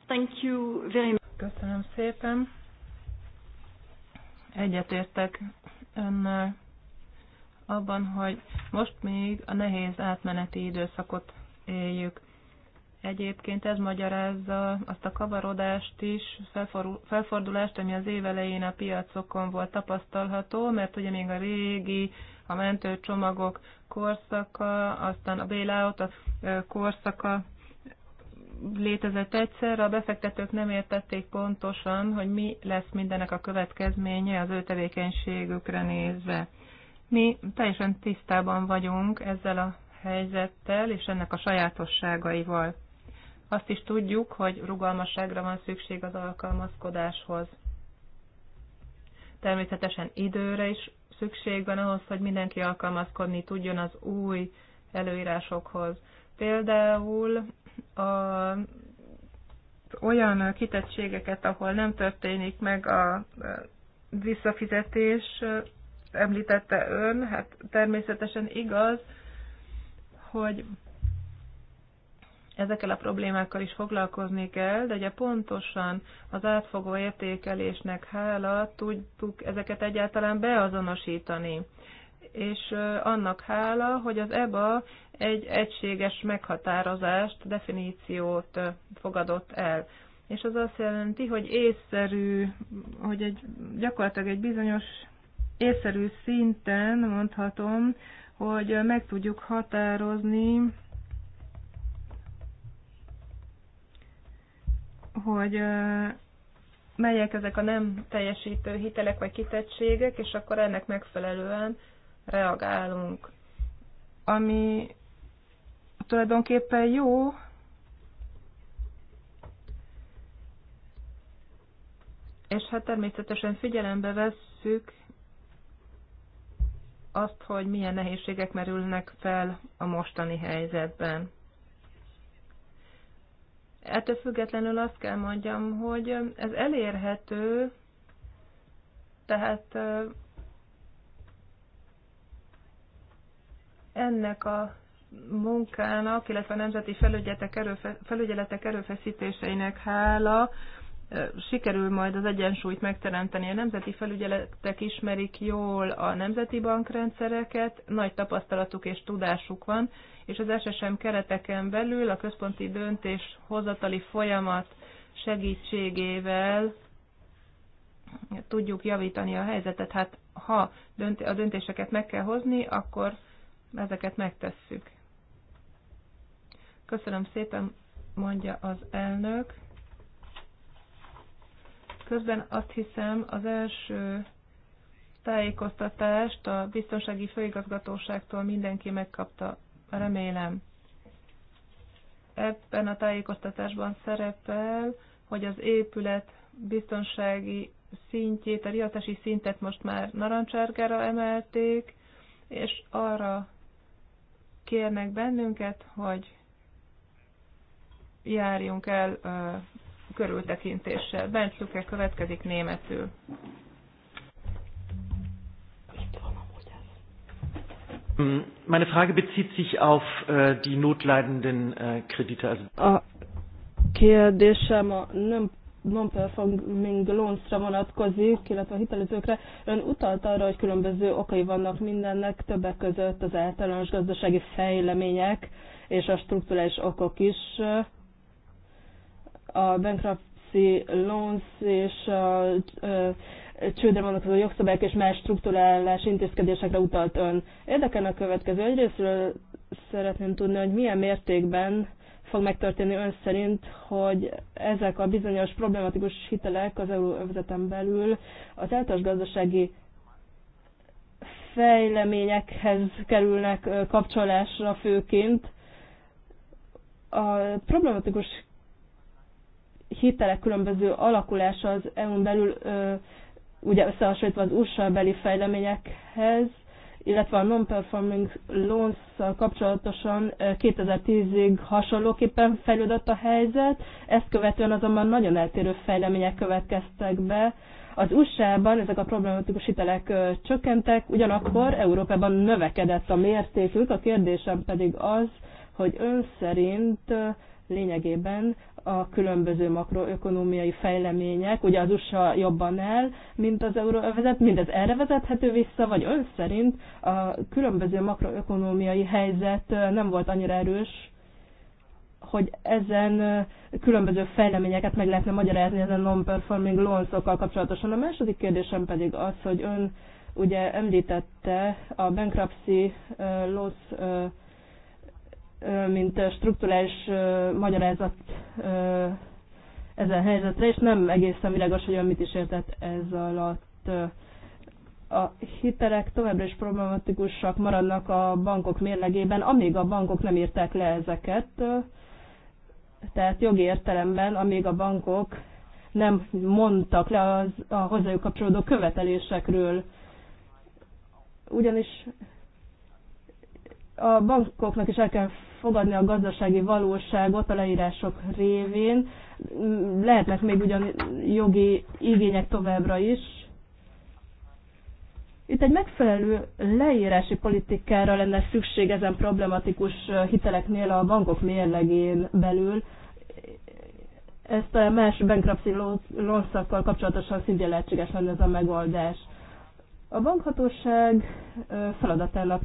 Thank you very much. Köszönöm szépen. Egyetértek önnel abban, hogy most még a nehéz átmeneti időszakot éljük. Egyébként ez magyarázza azt a kavarodást is, felfordulást, ami az év elején a piacokon volt tapasztalható, mert ugye még a régi, a mentőcsomagok korszaka, aztán a bailout a korszaka létezett egyszer, a befektetők nem értették pontosan, hogy mi lesz mindennek a következménye az ő tevékenységükre nézve. Mi teljesen tisztában vagyunk ezzel a helyzettel és ennek a sajátosságaival. Azt is tudjuk, hogy rugalmasságra van szükség az alkalmazkodáshoz. Természetesen időre is szükség van ahhoz, hogy mindenki alkalmazkodni tudjon az új előírásokhoz. Például a, olyan kitettségeket, ahol nem történik meg a visszafizetés, említette ön, hát természetesen igaz, hogy ezekkel a problémákkal is foglalkozni kell, de ugye pontosan az átfogó értékelésnek hála tudtuk ezeket egyáltalán beazonosítani. És annak hála, hogy az EBA egy egységes meghatározást, definíciót fogadott el. És az azt jelenti, hogy észszerű, hogy egy, gyakorlatilag egy bizonyos észszerű szinten mondhatom, hogy meg tudjuk határozni, hogy melyek ezek a nem teljesítő hitelek vagy kitettségek, és akkor ennek megfelelően reagálunk. Ami tulajdonképpen jó, és hát természetesen figyelembe vesszük azt, hogy milyen nehézségek merülnek fel a mostani helyzetben. Ettől függetlenül azt kell mondjam, hogy ez elérhető, tehát ennek a munkának, illetve a nemzeti felügyeletek, erőfeszítéseinek hála sikerül majd az egyensúlyt megteremteni. A nemzeti felügyeletek ismerik jól a nemzeti bankrendszereket, nagy tapasztalatuk és tudásuk van, és az SSM kereteken belül a központi döntés hozatali folyamat segítségével tudjuk javítani a helyzetet. Hát ha a döntéseket meg kell hozni, akkor ezeket megtesszük. Köszönöm szépen, mondja az elnök. Közben azt hiszem az első tájékoztatást a biztonsági főigazgatóságtól mindenki megkapta, remélem. Ebben a tájékoztatásban szerepel, hogy az épület biztonsági szintjét, a riasztási szintet most már narancsárgára emelték, és arra kérnek bennünket, hogy járjunk el körültekintéssel. Bent Luke következik németül. Meine Frage bezieht sich auf äh, die notleidenden äh, Kredite. Also a kérdésem a nem non-performing loans-ra vonatkozik, illetve a hitelezőkre. Ön utalt arra, hogy különböző okai vannak mindennek, többek között az általános gazdasági fejlemények és a struktúrális okok is a bankruptcy loans és a csődre vonatkozó jogszabályok és más struktúrálás intézkedésekre utalt ön. Érdekelne a következő. Egyrésztről szeretném tudni, hogy milyen mértékben fog megtörténni ön szerint, hogy ezek a bizonyos problematikus hitelek az euróövezeten belül az általános gazdasági fejleményekhez kerülnek kapcsolásra főként. A problematikus hitelek különböző alakulása az EU-n belül, ugye összehasonlítva az USA beli fejleményekhez, illetve a non-performing loans kapcsolatosan 2010-ig hasonlóképpen fejlődött a helyzet, ezt követően azonban nagyon eltérő fejlemények következtek be. Az USA-ban ezek a problematikus hitelek csökkentek, ugyanakkor Európában növekedett a mértékük, a kérdésem pedig az, hogy ön szerint lényegében a különböző makroökonomiai fejlemények, ugye az USA jobban el, mint az euróövezet, mindez erre vezethető vissza, vagy ön szerint a különböző makroökonomiai helyzet nem volt annyira erős, hogy ezen különböző fejleményeket meg lehetne magyarázni ezen non-performing loansokkal kapcsolatosan. A második kérdésem pedig az, hogy ön ugye említette a bankruptcy loss mint strukturális magyarázat ezen helyzetre, és nem egészen világos, hogy ön mit is értett ez alatt. A hitelek továbbra is problematikusak maradnak a bankok mérlegében, amíg a bankok nem írták le ezeket, tehát jogi értelemben, amíg a bankok nem mondtak le az, a hozzájuk kapcsolódó követelésekről. Ugyanis a bankoknak is el kell fogadni a gazdasági valóságot a leírások révén. Lehetnek még ugyan jogi igények továbbra is. Itt egy megfelelő leírási politikára lenne szükség ezen problematikus hiteleknél a bankok mérlegén belül. Ezt a más bankruptcy lonszakkal kapcsolatosan szintén lehetséges lenne ez a megoldás. A bankhatóság feladatának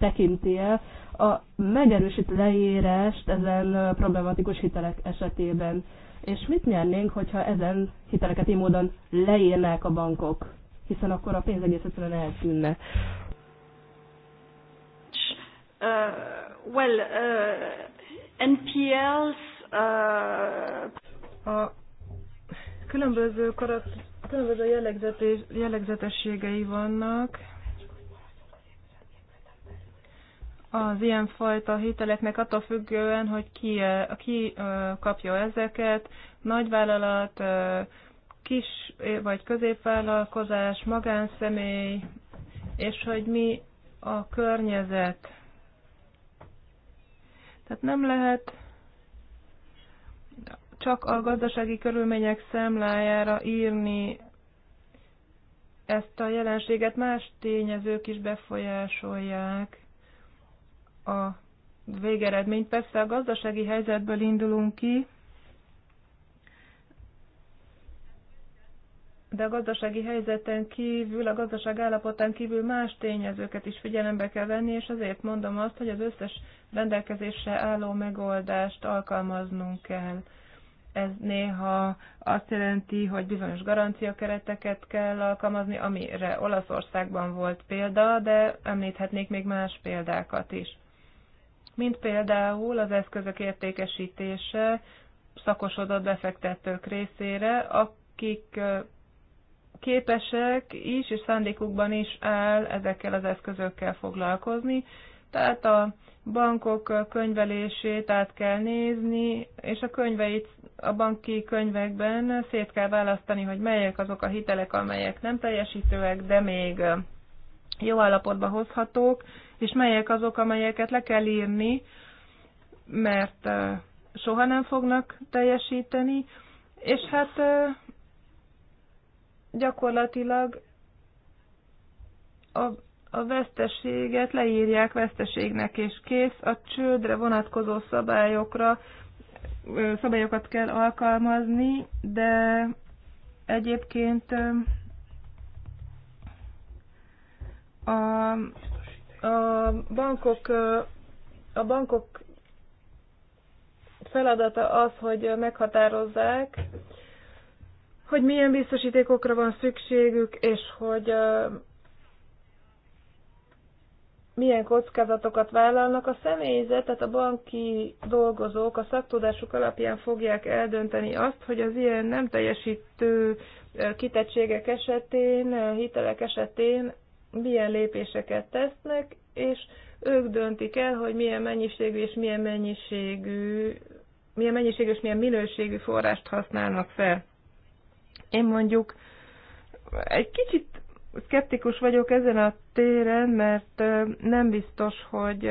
tekinti el a megerősít leírást ezen problematikus hitelek esetében. És mit nyernénk, hogyha ezen hiteleket így módon leírnák a bankok? Hiszen akkor a pénz egész egyszerűen eltűnne. Uh, well, uh, NPLs uh... a különböző karat, különböző jellegzetes, jellegzetességei vannak az ilyenfajta hiteleknek attól függően, hogy ki, ki kapja ezeket, nagyvállalat, kis vagy középvállalkozás, magánszemély, és hogy mi a környezet. Tehát nem lehet csak a gazdasági körülmények számlájára írni ezt a jelenséget, más tényezők is befolyásolják a végeredmény. Persze a gazdasági helyzetből indulunk ki, de a gazdasági helyzeten kívül, a gazdaság állapotán kívül más tényezőket is figyelembe kell venni, és azért mondom azt, hogy az összes rendelkezésre álló megoldást alkalmaznunk kell. Ez néha azt jelenti, hogy bizonyos garanciakereteket kell alkalmazni, amire Olaszországban volt példa, de említhetnék még más példákat is mint például az eszközök értékesítése szakosodott befektetők részére, akik képesek is, és szándékukban is áll ezekkel az eszközökkel foglalkozni. Tehát a bankok könyvelését át kell nézni, és a könyveit a banki könyvekben szét kell választani, hogy melyek azok a hitelek, amelyek nem teljesítőek, de még jó állapotba hozhatók, és melyek azok, amelyeket le kell írni, mert soha nem fognak teljesíteni, és hát gyakorlatilag a, a veszteséget leírják veszteségnek, és kész a csődre vonatkozó szabályokra, szabályokat kell alkalmazni, de egyébként a a bankok, a bankok feladata az, hogy meghatározzák, hogy milyen biztosítékokra van szükségük, és hogy milyen kockázatokat vállalnak. A személyzet, tehát a banki dolgozók a szaktudásuk alapján fogják eldönteni azt, hogy az ilyen nem teljesítő kitettségek esetén, hitelek esetén milyen lépéseket tesznek, és ők döntik el, hogy milyen mennyiségű és milyen mennyiségű, milyen mennyiségű és milyen minőségű forrást használnak fel. Én mondjuk egy kicsit szkeptikus vagyok ezen a téren, mert nem biztos, hogy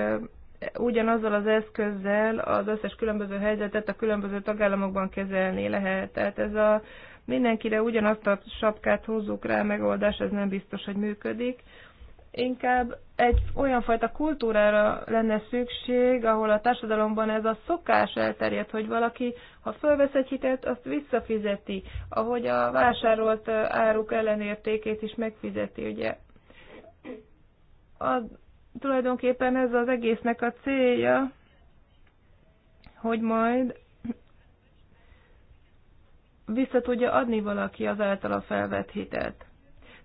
ugyanazzal az eszközzel az összes különböző helyzetet a különböző tagállamokban kezelni lehet. Tehát ez a mindenkire ugyanazt a sapkát hozzuk rá, megoldás, ez nem biztos, hogy működik. Inkább egy olyan fajta kultúrára lenne szükség, ahol a társadalomban ez a szokás elterjedt, hogy valaki, ha fölvesz egy hitelt, azt visszafizeti, ahogy a vásárolt áruk ellenértékét is megfizeti, ugye. A, tulajdonképpen ez az egésznek a célja, hogy majd vissza tudja adni valaki az általa felvett hitet.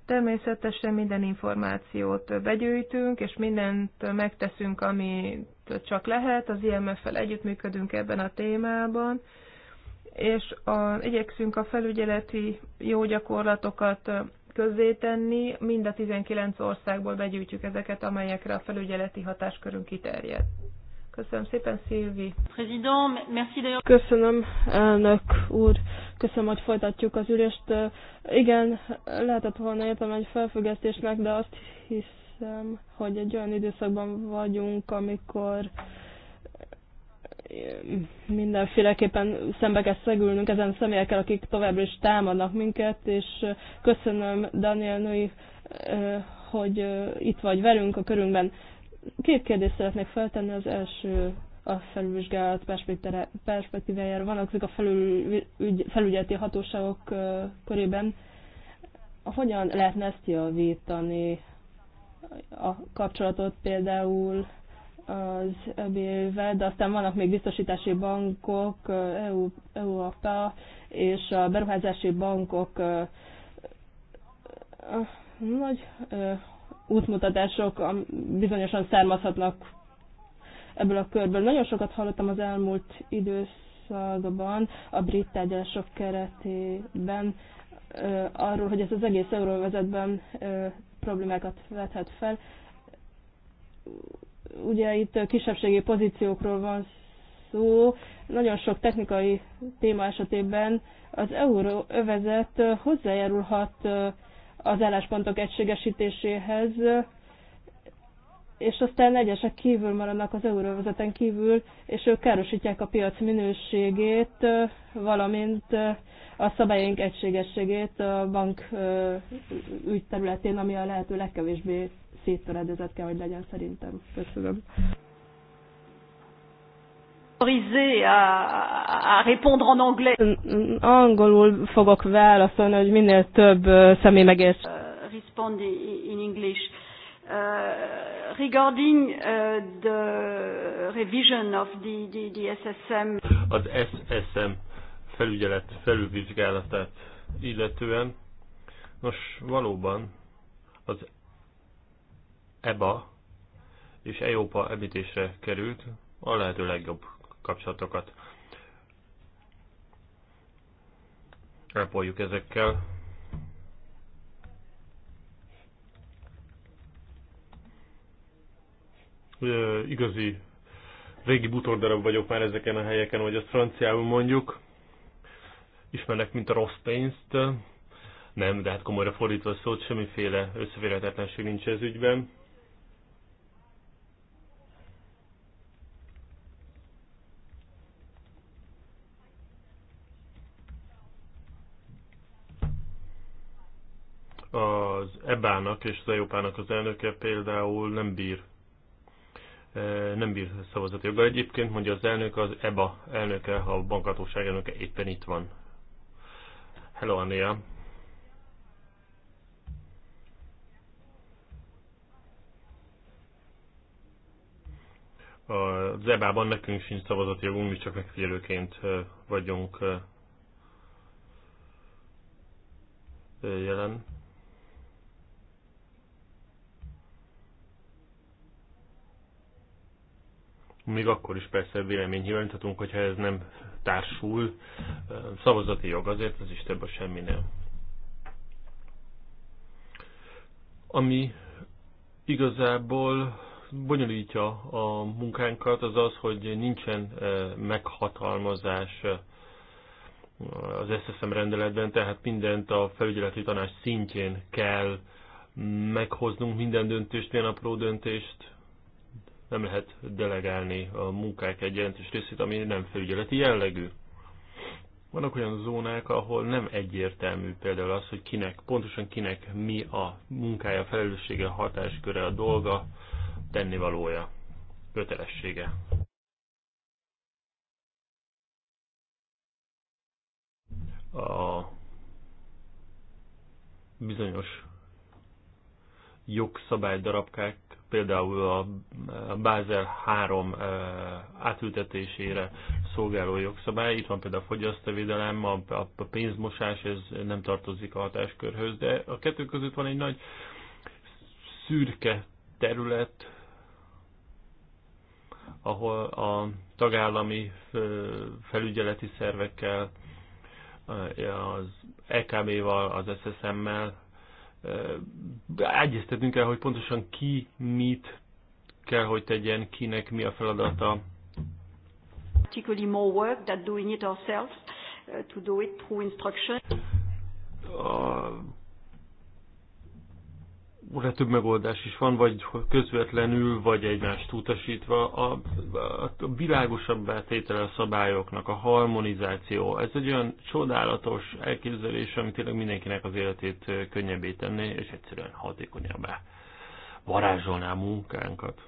Természetesen minden információt begyűjtünk, és mindent megteszünk, amit csak lehet. Az IMF-fel együttműködünk ebben a témában, és a, igyekszünk a felügyeleti jó gyakorlatokat közzétenni. Mind a 19 országból begyűjtjük ezeket, amelyekre a felügyeleti hatáskörünk kiterjed. Köszönöm szépen, Szilvi. Köszönöm, elnök úr. Köszönöm, hogy folytatjuk az ülést. Igen, lehetett volna értem egy felfüggesztésnek, de azt hiszem, hogy egy olyan időszakban vagyunk, amikor mindenféleképpen szembe kell szegülnünk ezen személyekkel, akik továbbra is támadnak minket, és köszönöm Daniel Női, hogy itt vagy velünk a körünkben. Két kérdést szeretnék feltenni. Az első a felülvizsgálat perspektívájára vonatkozik a felül, ügy, felügyeleti hatóságok körében. Hogyan lehetne ezt javítani a kapcsolatot például az eba vel de aztán vannak még biztosítási bankok, EU, Európa és a beruházási bankok nagy útmutatások bizonyosan származhatnak ebből a körből. Nagyon sokat hallottam az elmúlt időszakban a brit tárgyalások keretében arról, hogy ez az egész euróvezetben problémákat vethet fel. Ugye itt kisebbségi pozíciókról van szó, nagyon sok technikai téma esetében az euróövezet hozzájárulhat az álláspontok egységesítéséhez, és aztán egyesek kívül maradnak az euróvezeten kívül, és ők károsítják a piac minőségét, valamint a szabályaink egységességét a bank ügyterületén, ami a lehető legkevésbé széttöredezett kell, hogy legyen szerintem. Köszönöm autorisé à, à répondre en anglais. Angolul fogok válaszolni, hogy minél több személy megérts. Uh, respond in English. Uh, regarding uh, the revision of the, the, the SSM. Az SSM felügyelet felülvizsgálatát illetően, nos valóban az EBA és EOPA említésre került, a lehető legjobb kapcsolatokat ápoljuk ezekkel. Ugye, igazi régi butordarab vagyok már ezeken a helyeken, vagy azt franciául mondjuk. Ismernek, mint a rossz pénzt. Nem, de hát komolyra fordítva a szót, semmiféle összeférhetetlenség nincs ez ügyben. EBA-nak és az EOPA-nak az elnöke például nem bír e, nem bír szavazati joggal. Egyébként mondja az elnök, az EBA elnöke, a bankatóság elnöke éppen itt van. Hello, Andrea. A zebában nekünk sincs szavazati jogunk, mi csak megfigyelőként e, vagyunk e, jelen. Még akkor is persze vélemény nyilváníthatunk, hogyha ez nem társul szavazati jog, azért ez is több a semminél. Ami igazából bonyolítja a munkánkat, az az, hogy nincsen meghatalmazás az SSM rendeletben, tehát mindent a felügyeleti tanács szintjén kell meghoznunk, minden döntést, milyen apró döntést, nem lehet delegálni a munkák egy jelentős részét, ami nem felügyeleti jellegű. Vannak olyan zónák, ahol nem egyértelmű például az, hogy kinek, pontosan kinek mi a munkája, a felelőssége, a hatásköre, a dolga, tennivalója, kötelessége. A bizonyos jogszabály darabkák például a Bázel 3 átültetésére szolgáló jogszabály, itt van például a fogyasztavédelem, a pénzmosás, ez nem tartozik a hatáskörhöz, de a kettő között van egy nagy szürke terület, ahol a tagállami felügyeleti szervekkel, az EKB-val, az SSM-mel egyeztetnünk kell, hogy pontosan ki mit kell, hogy tegyen, kinek mi a feladata. more work than doing it ourselves, uh, to do it through instruction. A Ugye több megoldás is van, vagy közvetlenül, vagy egymást utasítva. A, a, a világosabb tétele a szabályoknak, a harmonizáció. Ez egy olyan csodálatos elképzelés, ami tényleg mindenkinek az életét könnyebbé tenné, és egyszerűen hatékonyabbá varázsolná munkánkat.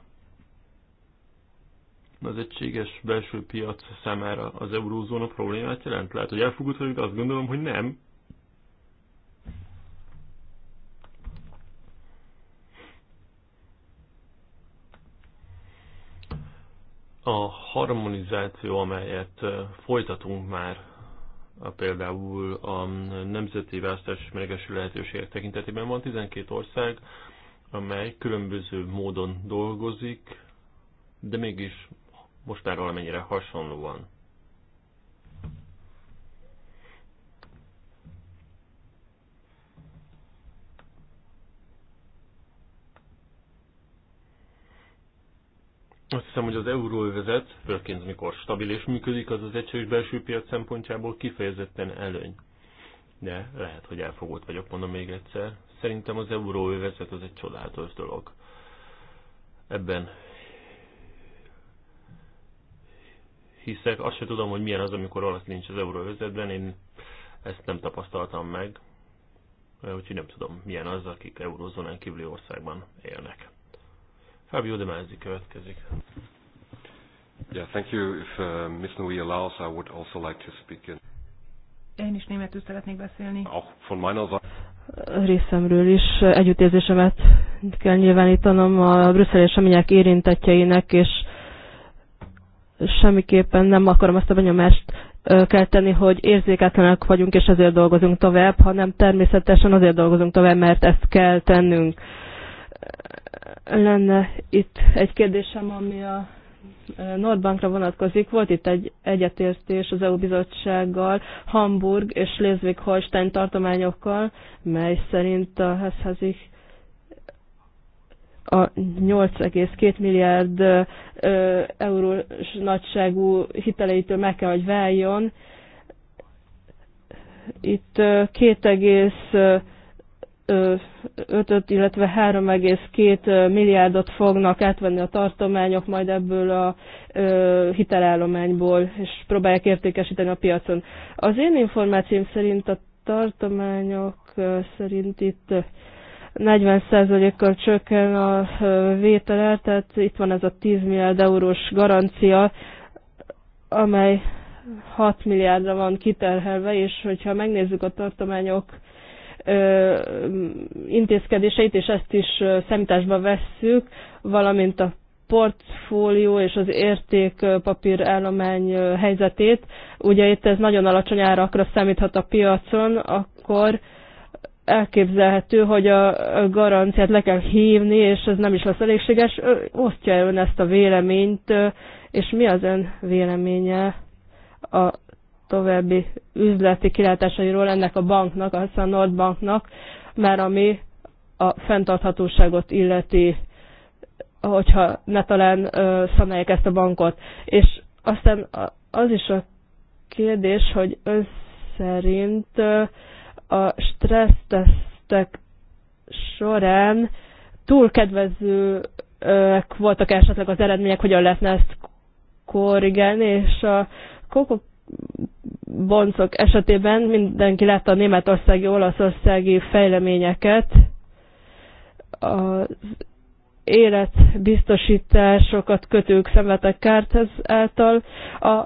Az egységes belső piac számára az eurózóna problémát jelent? Lehet, hogy elfogult, de azt gondolom, hogy nem A harmonizáció, amelyet folytatunk már a például a nemzeti választási meregesű lehetőségek tekintetében van 12 ország, amely különböző módon dolgozik, de mégis most már valamennyire hasonlóan. Azt hiszem, hogy az euróövezet, főként mikor stabil és működik, az az egységes belső piac szempontjából kifejezetten előny. De lehet, hogy elfogott vagyok, mondom még egyszer. Szerintem az euróövezet az egy csodálatos dolog. Ebben hiszek, azt se tudom, hogy milyen az, amikor olasz nincs az euróövezetben, én ezt nem tapasztaltam meg, úgyhogy nem tudom, milyen az, akik eurózónán kívüli országban élnek. Fabio De Mánzi következik. Yeah, thank you. If uh, Ms. Nui allows, I would also like to speak in... Én is németül szeretnék beszélni. Auch von meiner Seite. Részemről is együttérzésemet kell nyilvánítanom a brüsszeli események érintettjeinek, és semmiképpen nem akarom azt a benyomást kell tenni, hogy érzéketlenek vagyunk, és ezért dolgozunk tovább, hanem természetesen azért dolgozunk tovább, mert ezt kell tennünk. Uh, lenne itt egy kérdésem, ami a e, Nordbankra vonatkozik. Volt itt egy egyetértés az EU bizottsággal, Hamburg és Schleswig-Holstein tartományokkal, mely szerint a hezhezik a 8,2 milliárd e, e, eurós nagyságú hiteleitől meg kell, hogy váljon. Itt 2, 5, illetve 3,2 milliárdot fognak átvenni a tartományok majd ebből a hitelállományból, és próbálják értékesíteni a piacon. Az én információm szerint a tartományok szerint itt 40%-kal csökken a vétele, tehát itt van ez a 10 milliárd eurós garancia, amely 6 milliárdra van kiterhelve, és hogyha megnézzük a tartományok intézkedéseit, és ezt is szemításba vesszük, valamint a portfólió és az értékpapír állomány helyzetét. Ugye itt ez nagyon alacsony árakra számíthat a piacon, akkor elképzelhető, hogy a garanciát le kell hívni, és ez nem is lesz elégséges. Osztja ön ezt a véleményt, és mi az ön véleménye a további üzleti kilátásairól ennek a banknak, a Hassan Nordbanknak, mert ami a fenntarthatóságot illeti, hogyha ne talán szanálják ezt a bankot. És aztán az is a kérdés, hogy ön szerint a stressztesztek során túl kedvezőek voltak esetleg az eredmények, hogyan lehetne ezt korrigálni, és a Coca boncok esetében mindenki látta a németországi, olaszországi fejleményeket, az életbiztosításokat kötők szemetek kárthez által. A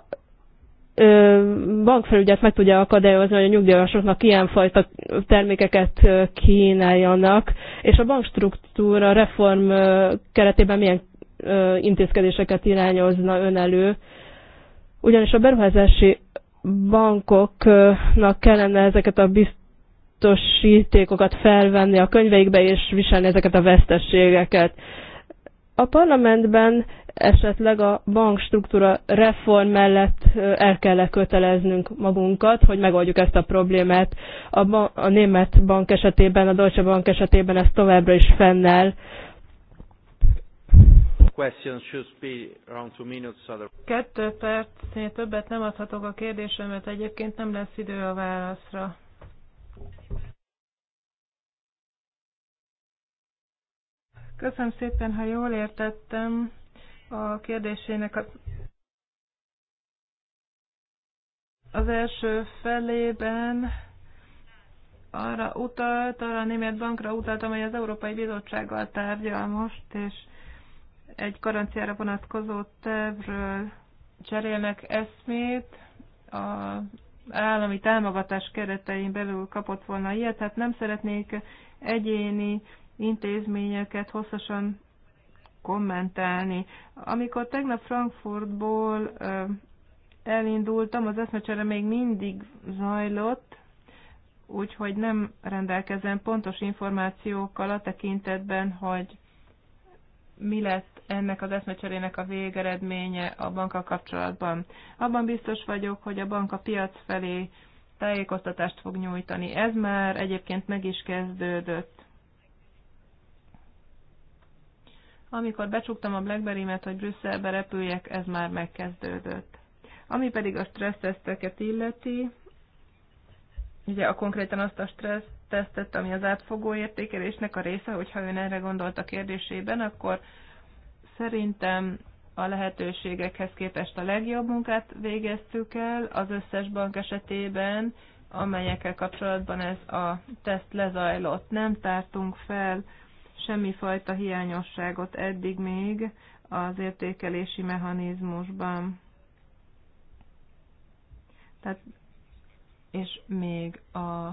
bankfelügyet meg tudja akadályozni, hogy a nyugdíjasoknak ilyenfajta termékeket kínáljanak, és a bankstruktúra reform keretében milyen intézkedéseket irányozna ön elő, ugyanis a beruházási bankoknak kellene ezeket a biztosítékokat felvenni a könyveikbe és viselni ezeket a vesztességeket. A parlamentben esetleg a bankstruktúra reform mellett el kell -e köteleznünk magunkat, hogy megoldjuk ezt a problémát. A, ba- a német bank esetében, a Deutsche Bank esetében ez továbbra is fennáll. Kettő perc Ennél többet nem adhatok a kérdésemet, egyébként nem lesz idő a válaszra. Köszönöm szépen, ha jól értettem a kérdésének a az első felében arra utalt, arra a német bankra utalt, amely az Európai Bizottsággal tárgyal most, és egy garanciára vonatkozó tervről cserélnek eszmét, a állami támogatás keretein belül kapott volna ilyet, tehát nem szeretnék egyéni intézményeket hosszasan kommentálni. Amikor tegnap Frankfurtból elindultam, az eszmecsere még mindig zajlott, úgyhogy nem rendelkezem pontos információkkal a tekintetben, hogy mi lett ennek az eszmecserének a végeredménye a bankkal kapcsolatban. Abban biztos vagyok, hogy a bank a piac felé tájékoztatást fog nyújtani. Ez már egyébként meg is kezdődött. Amikor becsuktam a Blackberry-met, hogy Brüsszelbe repüljek, ez már megkezdődött. Ami pedig a stresszteszteket illeti, ugye a konkrétan azt a stressztesztet, ami az átfogó értékelésnek a része, hogyha ön erre gondolt a kérdésében, akkor Szerintem a lehetőségekhez képest a legjobb munkát végeztük el az összes bank esetében, amelyekkel kapcsolatban ez a teszt lezajlott. Nem tártunk fel semmifajta hiányosságot eddig még az értékelési mechanizmusban. Tehát, és még a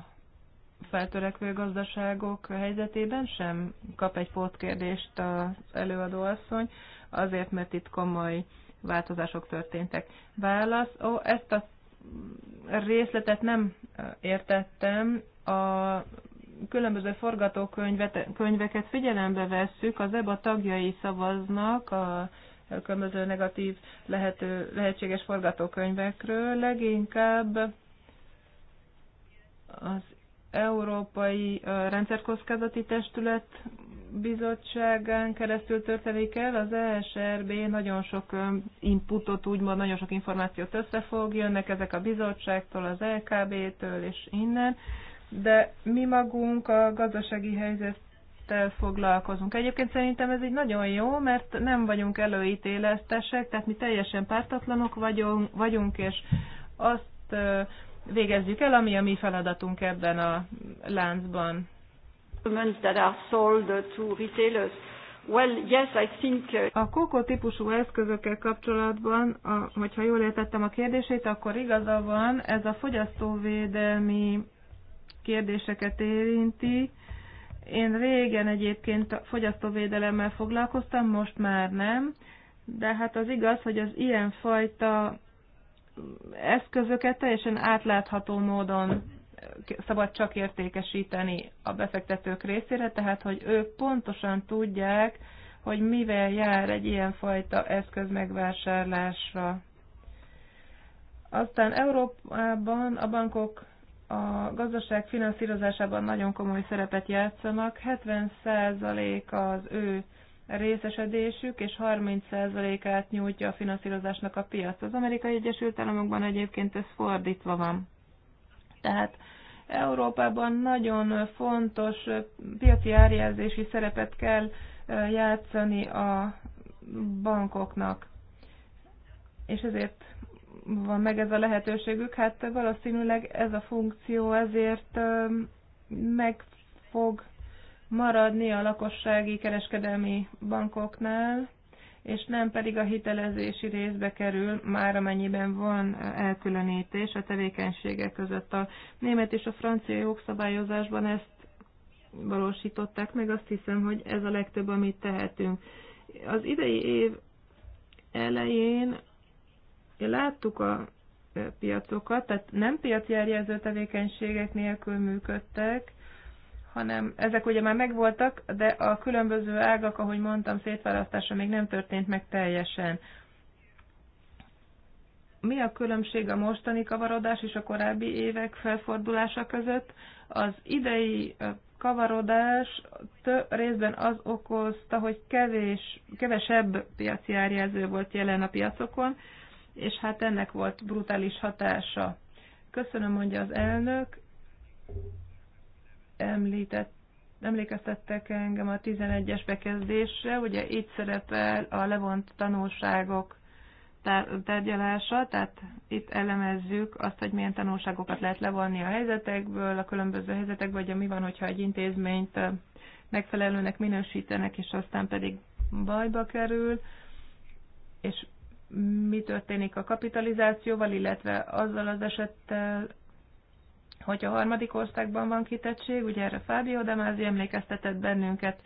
feltörekvő gazdaságok helyzetében sem? Kap egy pótkérdést az előadóasszony, azért, mert itt komoly változások történtek. Válasz, ó, ezt a részletet nem értettem. A különböző forgatókönyveket figyelembe vesszük, az EBA tagjai szavaznak a különböző negatív lehető, lehetséges forgatókönyvekről, leginkább az Európai Rendszerkockázati Testület bizottságán keresztül történik el, az ESRB nagyon sok inputot, úgymond nagyon sok információt összefog, jönnek ezek a bizottságtól, az LKB-től és innen, de mi magunk a gazdasági helyzettel foglalkozunk. Egyébként szerintem ez így nagyon jó, mert nem vagyunk előítéletesek, tehát mi teljesen pártatlanok vagyunk, vagyunk és azt végezzük el, ami a mi feladatunk ebben a láncban. Uh, a kokó típusú eszközökkel kapcsolatban, a, hogyha jól értettem a kérdését, akkor igaza van, ez a fogyasztóvédelmi kérdéseket érinti. Én régen egyébként a fogyasztóvédelemmel foglalkoztam, most már nem, de hát az igaz, hogy az ilyenfajta eszközöket teljesen átlátható módon szabad csak értékesíteni a befektetők részére, tehát hogy ők pontosan tudják, hogy mivel jár egy ilyenfajta eszköz megvásárlásra. Aztán Európában a bankok a gazdaság finanszírozásában nagyon komoly szerepet játszanak, 70% az ő részesedésük, és 30%-át nyújtja a finanszírozásnak a piac. Az Amerikai Egyesült Államokban egyébként ez fordítva van. Tehát Európában nagyon fontos piaci árjelzési szerepet kell játszani a bankoknak. És ezért van meg ez a lehetőségük, hát valószínűleg ez a funkció ezért meg fog maradni a lakossági kereskedelmi bankoknál, és nem pedig a hitelezési részbe kerül, már amennyiben van elkülönítés a tevékenységek között. A német és a francia jogszabályozásban ezt valósították meg, azt hiszem, hogy ez a legtöbb, amit tehetünk. Az idei év elején láttuk a piacokat, tehát nem piacjárjelző tevékenységek nélkül működtek, hanem ezek ugye már megvoltak, de a különböző ágak, ahogy mondtam, szétválasztása még nem történt meg teljesen. Mi a különbség a mostani kavarodás és a korábbi évek felfordulása között? Az idei kavarodás részben az okozta, hogy kevés, kevesebb piaci árjelző volt jelen a piacokon, és hát ennek volt brutális hatása. Köszönöm, mondja az elnök említett emlékeztettek engem a 11-es bekezdésre, ugye itt szerepel a levont tanulságok tárgyalása, tehát itt elemezzük azt, hogy milyen tanulságokat lehet levonni a helyzetekből, a különböző helyzetekből, hogy mi van, hogyha egy intézményt megfelelőnek minősítenek, és aztán pedig bajba kerül, és mi történik a kapitalizációval, illetve azzal az esettel, Hogyha a harmadik országban van kitettség, ugye erre Fábio Demázi emlékeztetett bennünket,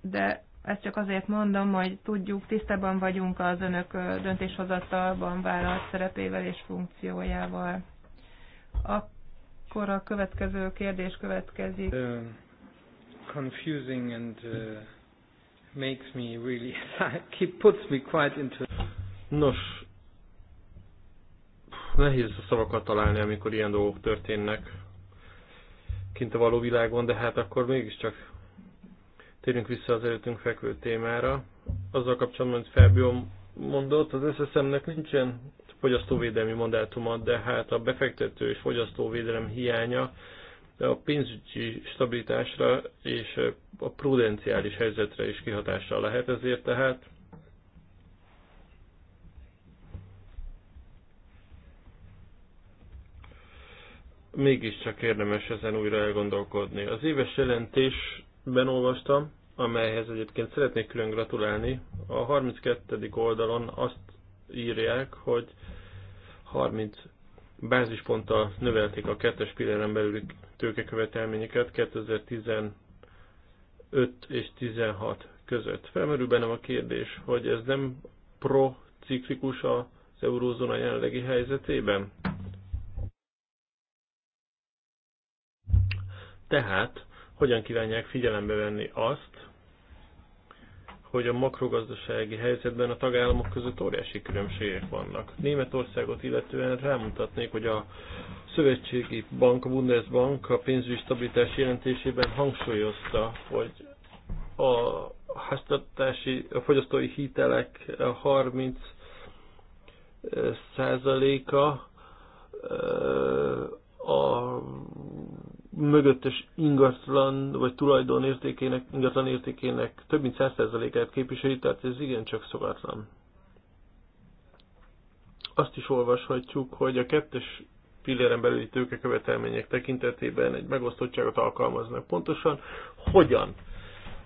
de ezt csak azért mondom, hogy tudjuk, tisztában vagyunk az önök döntéshozatalban vállalt szerepével és funkciójával. Akkor a következő kérdés következik. Uh, confusing and uh, makes me really, keep puts me quite into... Nos, Nehéz a szavakat találni, amikor ilyen dolgok történnek kint a való világon, de hát akkor mégiscsak térjünk vissza az előttünk fekvő témára. Azzal kapcsolatban, hogy Fábio mondott, az SSM-nek nincsen fogyasztóvédelmi mandátuma, de hát a befektető és fogyasztóvédelem hiánya a pénzügyi stabilitásra és a prudenciális helyzetre is kihatással lehet, ezért tehát mégiscsak érdemes ezen újra elgondolkodni. Az éves jelentésben olvastam, amelyhez egyébként szeretnék külön gratulálni. A 32. oldalon azt írják, hogy 30 bázisponttal növelték a kettes pilléren belüli tőkekövetelményeket 2015 és 16 között. Felmerül bennem a kérdés, hogy ez nem pro pro-ciklikus az eurózóna jelenlegi helyzetében? Tehát hogyan kívánják figyelembe venni azt, hogy a makrogazdasági helyzetben a tagállamok között óriási különbségek vannak. Németországot illetően rámutatnék, hogy a Szövetségi Bank, a Bundesbank a pénzügyi stabilitás jelentésében hangsúlyozta, hogy a háztartási, a fogyasztói hitelek 30 százaléka a mögöttes ingatlan vagy tulajdon értékének, ingatlan értékének több mint 100%-át képviseli, tehát ez igencsak szokatlan. Azt is olvashatjuk, hogy a kettes pilléren belüli követelmények tekintetében egy megosztottságot alkalmaznak. Pontosan hogyan?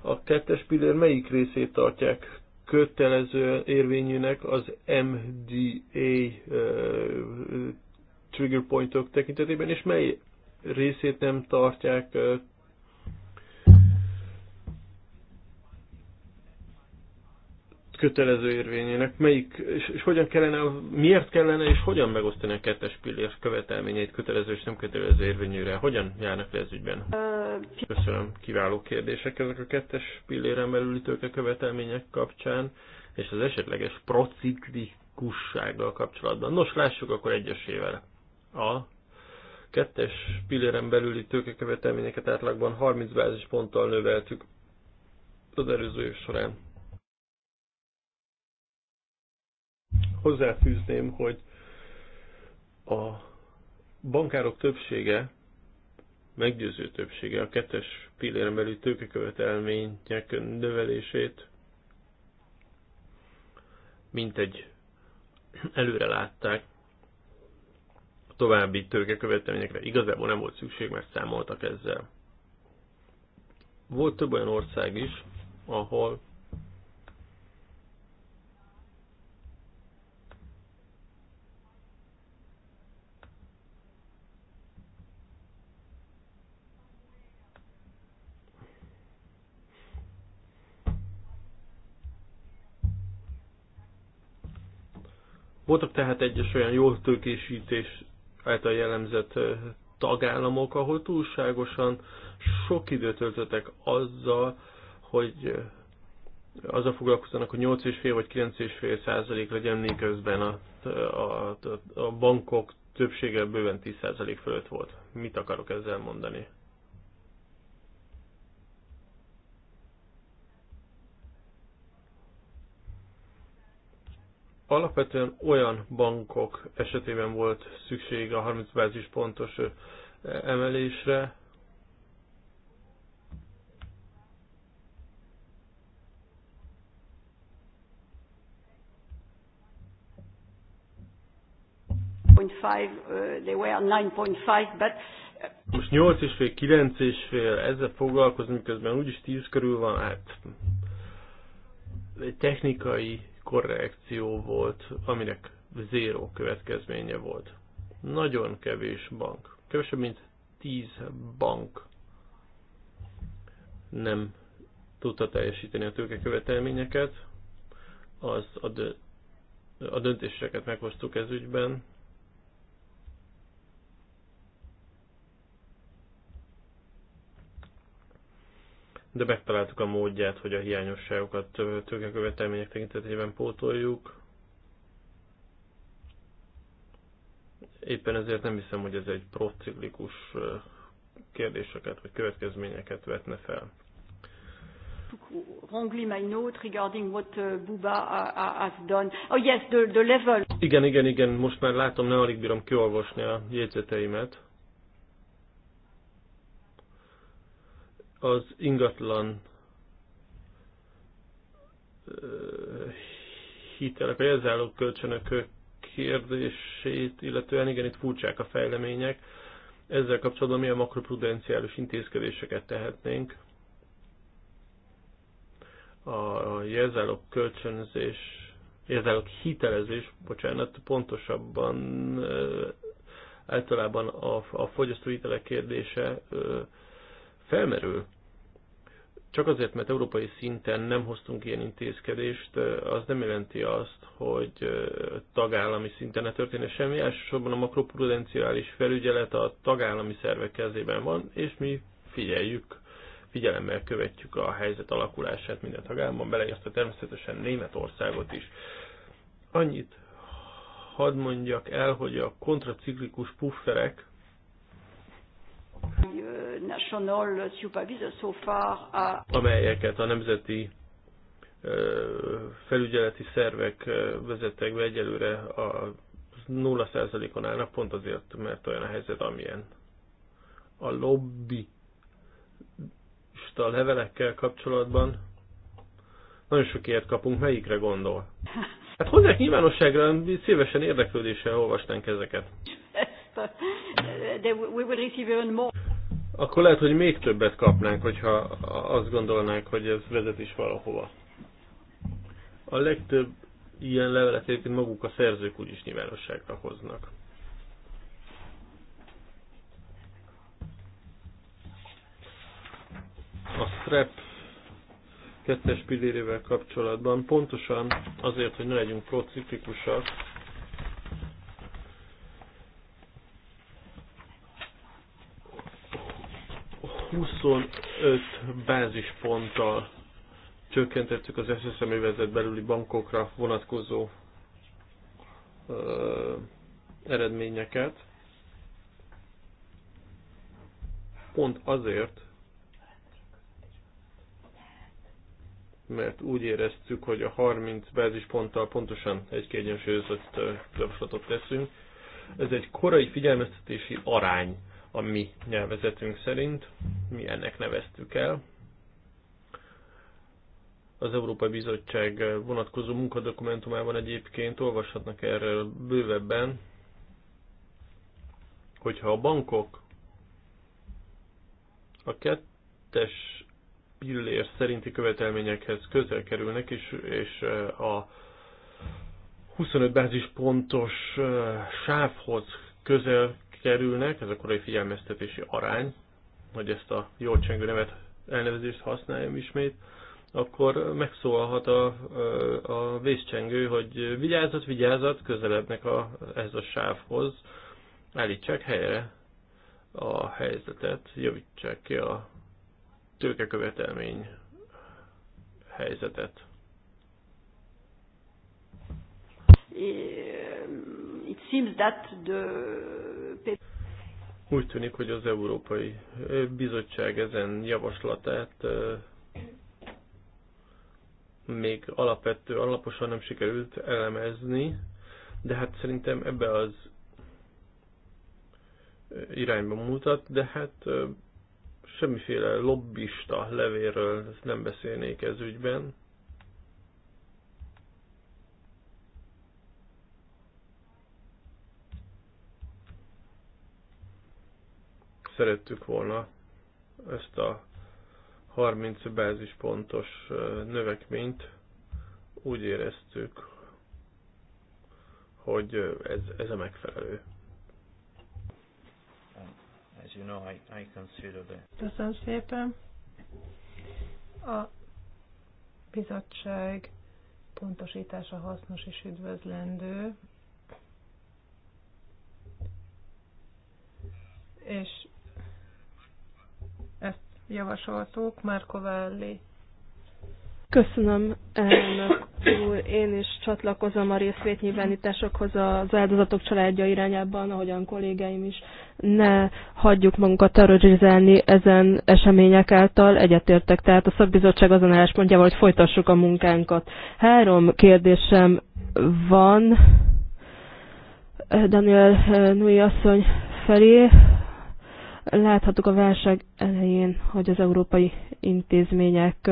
A kettes pillér melyik részét tartják kötelező érvényűnek az MDA trigger pointok tekintetében, és mely részét nem tartják kötelező érvényének, melyik, és, és hogyan kellene, miért kellene, és hogyan megosztani a kettes pillér követelményeit kötelező és nem kötelező érvényűre, hogyan járnak le ez ügyben? Köszönöm, kiváló kérdések ezek a kettes pilléren belüli tőke követelmények kapcsán, és az esetleges prociklikussággal kapcsolatban. Nos, lássuk akkor egyesével a kettes pilléren belüli tőkekövetelményeket átlagban 30 bázisponttal növeltük az előző év során. Hozzáfűzném, hogy a bankárok többsége, meggyőző többsége a kettes pilléren belüli tőkekövetelmények növelését mint egy előre látták, további törke követelményekre igazából nem volt szükség, mert számoltak ezzel. Volt több olyan ország is, ahol Voltak tehát egyes olyan jó tőkésítés által jellemzett tagállamok, ahol túlságosan sok időt töltöttek azzal, hogy azzal foglalkoztanak, hogy 8,5 vagy 9,5 százalék legyen, miközben a, a, a bankok többsége bőven 10 százalék fölött volt. Mit akarok ezzel mondani? Alapvetően olyan bankok esetében volt szükség a 30 bázis pontos emelésre, Most 8 és fél, 9 és fél, ezzel foglalkozni, miközben úgyis 10 körül van, hát egy technikai korrekció volt, aminek zéró következménye volt. Nagyon kevés bank, kevesebb mint 10 bank nem tudta teljesíteni a tőke követelményeket, az a, dö a döntéseket meghoztuk ez ügyben, de megtaláltuk a módját, hogy a hiányosságokat tőkekövetelmények tekintetében pótoljuk. Éppen ezért nem hiszem, hogy ez egy prociklikus kérdéseket vagy következményeket vetne fel. my note regarding what euh, Buba has done. Oh yes, the, the level. Igen, igen, igen, most már látom, nem alig bírom kiolvasni a jegyzeteimet. az ingatlan hitelek, a jelzáló kölcsönök kérdését, illetően igen, itt furcsák a fejlemények. Ezzel kapcsolatban milyen makroprudenciális intézkedéseket tehetnénk? A jelzálók kölcsönözés, jelzálók hitelezés, bocsánat, pontosabban általában a, a hitelek kérdése felmerül. Csak azért, mert európai szinten nem hoztunk ilyen intézkedést, eh, az nem jelenti azt, hogy eh, tagállami szinten ne történne semmi. Elsősorban a makroprudenciális felügyelet a tagállami szervek kezében van, és mi figyeljük, figyelemmel követjük a helyzet alakulását minden tagállamban, beleértve természetesen Németországot is. Annyit hadd mondjak el, hogy a kontraciklikus pufferek a... Uh, amelyeket a nemzeti felügyeleti szervek vezettek be egyelőre a 0%-on állnak, pont azért, mert olyan a helyzet, amilyen. A lobby a levelekkel kapcsolatban nagyon sok ilyet kapunk, melyikre gondol? Hát hozzák nyilvánosságra, szívesen érdeklődéssel olvasnánk ezeket we will receive even more. Akkor lehet, hogy még többet kapnánk, hogyha azt gondolnánk, hogy ez vezet is valahova. A legtöbb ilyen levelet egyébként maguk a szerzők úgyis nyilvánosságra hoznak. A strep kettes pillérével kapcsolatban pontosan azért, hogy ne legyünk procikikusak, 25 bázisponttal csökkentettük az SSM övezet belüli bankokra vonatkozó ö, eredményeket. Pont azért, mert úgy éreztük, hogy a 30 bázisponttal pontosan egy kiegyensúlyozott javaslatot teszünk. Ez egy korai figyelmeztetési arány a mi nyelvezetünk szerint, mi ennek neveztük el. Az Európai Bizottság vonatkozó munkadokumentumában egyébként olvashatnak erről bővebben, hogyha a bankok a kettes pillér szerinti követelményekhez közel kerülnek, és, és a 25 bázispontos eh, sávhoz közel kerülnek, ez a korai figyelmeztetési arány, hogy ezt a jól csengő nevet, elnevezést használjam ismét, akkor megszólalhat a, a, vészcsengő, hogy vigyázat, vigyázat, közelebbnek a, ez a sávhoz, állítsák helyre a helyzetet, javítsák ki a tőkekövetelmény helyzetet. Euh, it seems that the úgy tűnik, hogy az Európai Bizottság ezen javaslatát még alapvető, alaposan nem sikerült elemezni, de hát szerintem ebbe az irányba mutat, de hát semmiféle lobbista levéről nem beszélnék ez ügyben. szerettük volna ezt a 30 bázispontos növekményt. Úgy éreztük, hogy ez, ez a megfelelő. As you know, I, I consider Köszönöm szépen. A bizottság pontosítása hasznos és üdvözlendő. És javasoltuk, Márko Valli. Köszönöm, elnök úr. Én is csatlakozom a részvétnyilvánításokhoz az áldozatok családja irányában, ahogyan kollégáim is. Ne hagyjuk magunkat terrorizálni ezen események által. Egyetértek tehát a szakbizottság azon álláspontjával, hogy folytassuk a munkánkat. Három kérdésem van eh, Daniel eh, Nui asszony felé. Láthattuk a válság elején, hogy az európai intézmények,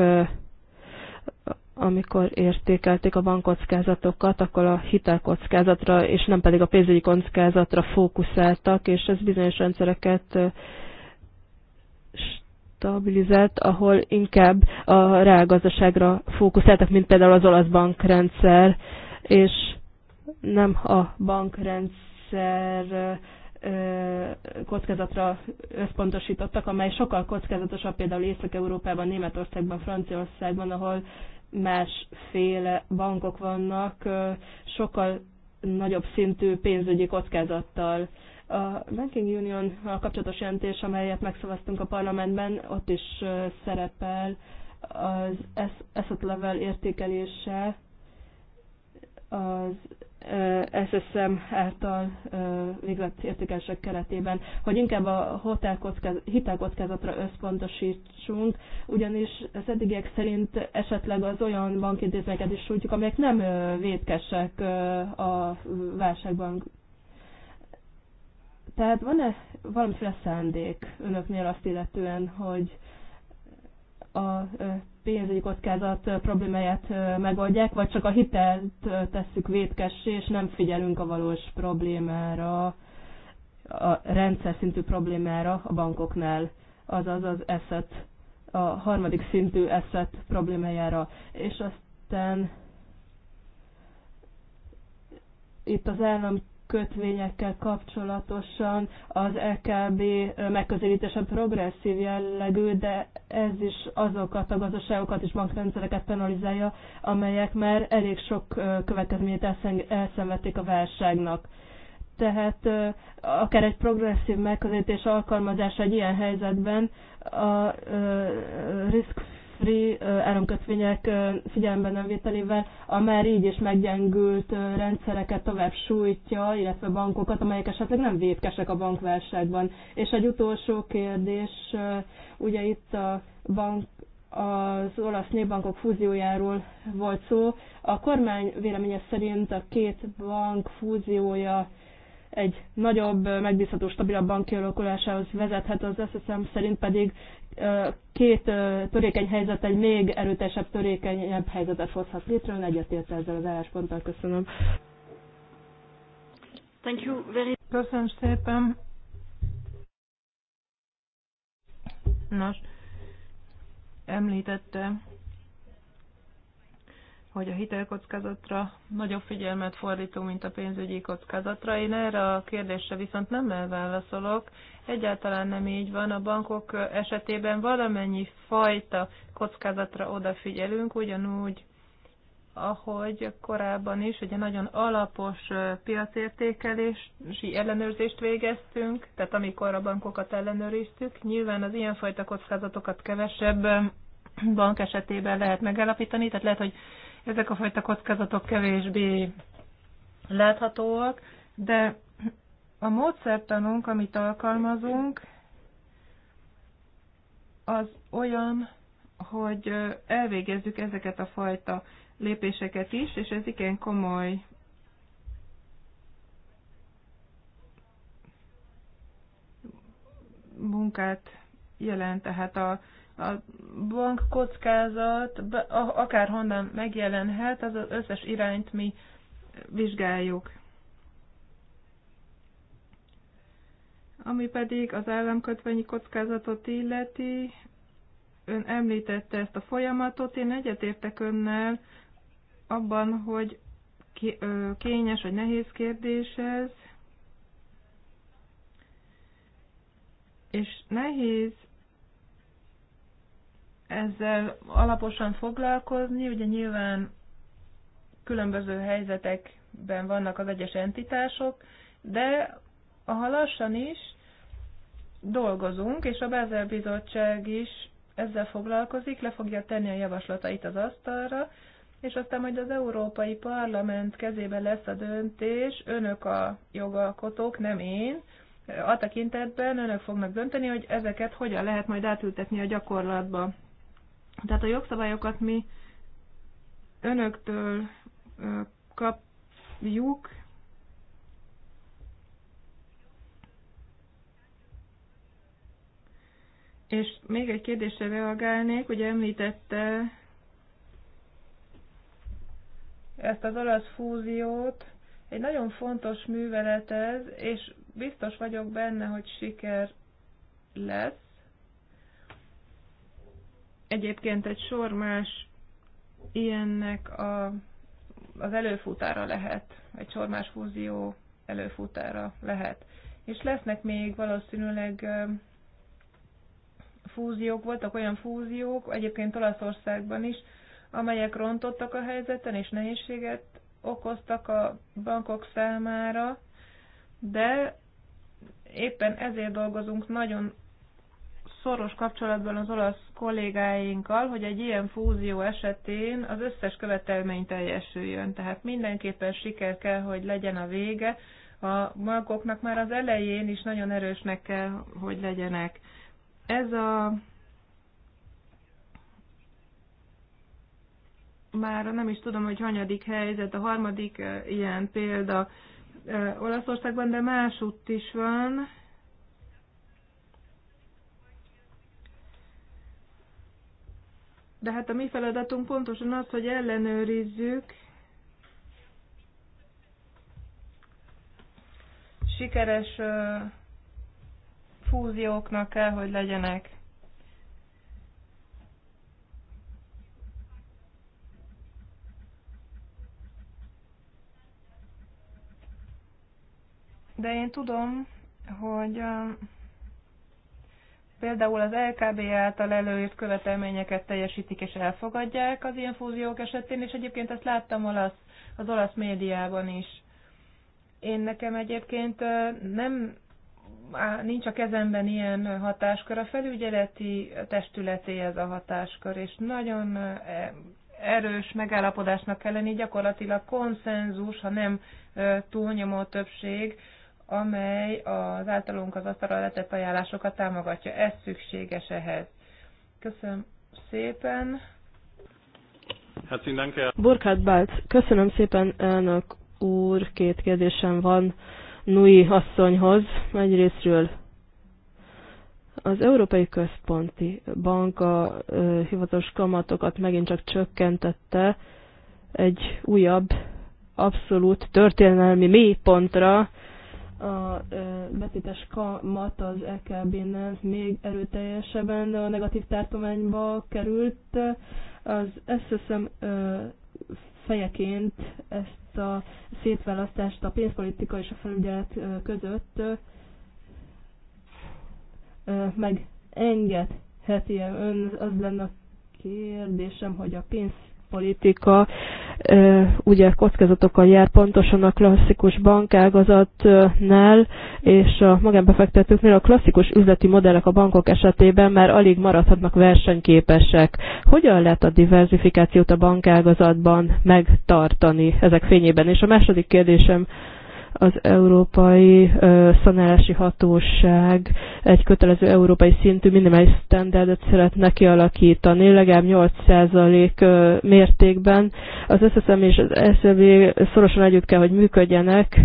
amikor értékelték a bankkockázatokat, akkor a hitelkockázatra, és nem pedig a pénzügyi kockázatra fókuszáltak, és ez bizonyos rendszereket stabilizált, ahol inkább a reálgazdaságra fókuszáltak, mint például az olasz bankrendszer, és nem a bankrendszer kockázatra összpontosítottak, amely sokkal kockázatosabb például Észak-Európában, Németországban, Franciaországban, ahol másféle bankok vannak, sokkal nagyobb szintű pénzügyi kockázattal. A Banking Union a kapcsolatos jelentés, amelyet megszavaztunk a parlamentben, ott is szerepel az asset level értékelése az Eh, SSM által eh, végzett értékelések keretében, hogy inkább a hitelkockázatra összpontosítsunk, ugyanis az eddigiek szerint esetleg az olyan bankintézményeket is sújtjuk, amelyek nem eh, védkesek a válságban. Tehát van-e valamiféle szándék önöknél azt illetően, hogy a pénzügyi kockázat problémáját megoldják, vagy csak a hitelt tesszük vétkessé, és nem figyelünk a valós problémára, a rendszer szintű problémára a bankoknál, azaz az eszet, a harmadik szintű eszet problémájára. És aztán itt az állam kötvényekkel kapcsolatosan az EKB megközelítése progresszív jellegű, de ez is azokat a gazdaságokat és bankrendszereket penalizálja, amelyek már elég sok következményét elszenvedték a válságnak tehát akár egy progresszív megközelítés alkalmazása egy ilyen helyzetben a risk Jeffrey áramkötvények figyelembe nem vételével a már így is meggyengült rendszereket tovább sújtja, illetve bankokat, amelyek esetleg nem védkesek a bankválságban. És egy utolsó kérdés, ugye itt a bank az olasz népbankok fúziójáról volt szó. A kormány véleménye szerint a két bank fúziója egy nagyobb, megbízható, stabilabb bank kialakulásához vezethet, az SSM szerint pedig két törékeny helyzet egy még erőtesebb, törékenyebb helyzetet hozhat létre. Ön egyetért ezzel az állásponttal. Köszönöm. Thank you very... Köszönöm szépen. Nos, említette hogy a hitelkockázatra nagyobb figyelmet fordítunk, mint a pénzügyi kockázatra. Én erre a kérdésre viszont nem elválaszolok. Egyáltalán nem így van. A bankok esetében valamennyi fajta kockázatra odafigyelünk, ugyanúgy, ahogy korábban is, ugye nagyon alapos piacértékelési ellenőrzést végeztünk, tehát amikor a bankokat ellenőriztük, nyilván az ilyenfajta kockázatokat kevesebb bank esetében lehet megállapítani, tehát lehet, hogy ezek a fajta kockázatok kevésbé láthatóak, de a módszertanunk, amit alkalmazunk, az olyan, hogy elvégezzük ezeket a fajta lépéseket is, és ez igen komoly munkát jelent, tehát a a bank kockázat akárhonnan megjelenhet, az az összes irányt mi vizsgáljuk. Ami pedig az államkötvényi kockázatot illeti, ön említette ezt a folyamatot, én egyetértek önnel abban, hogy kényes vagy nehéz kérdés ez, és nehéz ezzel alaposan foglalkozni. Ugye nyilván különböző helyzetekben vannak az egyes entitások, de ha lassan is dolgozunk, és a Bázel Bizottság is ezzel foglalkozik, le fogja tenni a javaslatait az asztalra, és aztán majd az Európai Parlament kezébe lesz a döntés, önök a jogalkotók, nem én, a tekintetben önök fognak dönteni, hogy ezeket hogyan lehet majd átültetni a gyakorlatba. Tehát a jogszabályokat mi önöktől kapjuk, És még egy kérdésre reagálnék, hogy említette ezt az olasz fúziót. Egy nagyon fontos művelet ez, és biztos vagyok benne, hogy siker lesz egyébként egy sor más ilyennek a, az előfutára lehet, egy sor más fúzió előfutára lehet. És lesznek még valószínűleg fúziók, voltak olyan fúziók, egyébként Olaszországban is, amelyek rontottak a helyzeten és nehézséget okoztak a bankok számára, de éppen ezért dolgozunk nagyon szoros kapcsolatban az olasz kollégáinkkal, hogy egy ilyen fúzió esetén az összes követelmény teljesüljön. Tehát mindenképpen siker kell, hogy legyen a vége. A magoknak már az elején is nagyon erősnek kell, hogy legyenek. Ez a már nem is tudom, hogy hanyadik helyzet, a harmadik eh, ilyen példa eh, Olaszországban, de másútt is van De hát a mi feladatunk pontosan az, hogy ellenőrizzük, sikeres fúzióknak kell, hogy legyenek. De én tudom, hogy például az LKB által előírt követelményeket teljesítik és elfogadják az ilyen fúziók esetén, és egyébként ezt láttam olasz, az olasz médiában is. Én nekem egyébként nem nincs a kezemben ilyen hatáskör, a felügyeleti testületé ez a hatáskör, és nagyon e, erős megállapodásnak kell lenni, gyakorlatilag konszenzus, ha nem túlnyomó többség, amely az általunk az asztalra letett ajánlásokat támogatja. Ez szükséges ehhez. Köszönöm szépen. Hát Burkhard Balc, köszönöm szépen elnök úr, két kérdésem van Nui asszonyhoz. Egyrésztről az Európai Központi Bank a hivatalos kamatokat megint csak csökkentette egy újabb abszolút történelmi mélypontra, a betétes kamat az EKB-nél még erőteljesebben a negatív tartományba került. Az SSM fejeként ezt a szétválasztást a pénzpolitika és a felügyelet között megengedheti -e ön? Az lenne a kérdésem, hogy a pénzpolitika ugye kockázatokkal jár pontosan a klasszikus bankágazatnál és a magánbefektetőknél a klasszikus üzleti modellek a bankok esetében már alig maradhatnak versenyképesek. Hogyan lehet a diversifikációt a bankágazatban megtartani ezek fényében? És a második kérdésem, az Európai Szanálási Hatóság egy kötelező európai szintű minimális standardet szeretne kialakítani, legalább 8% mértékben. Az SSM és az SZB szorosan együtt kell, hogy működjenek,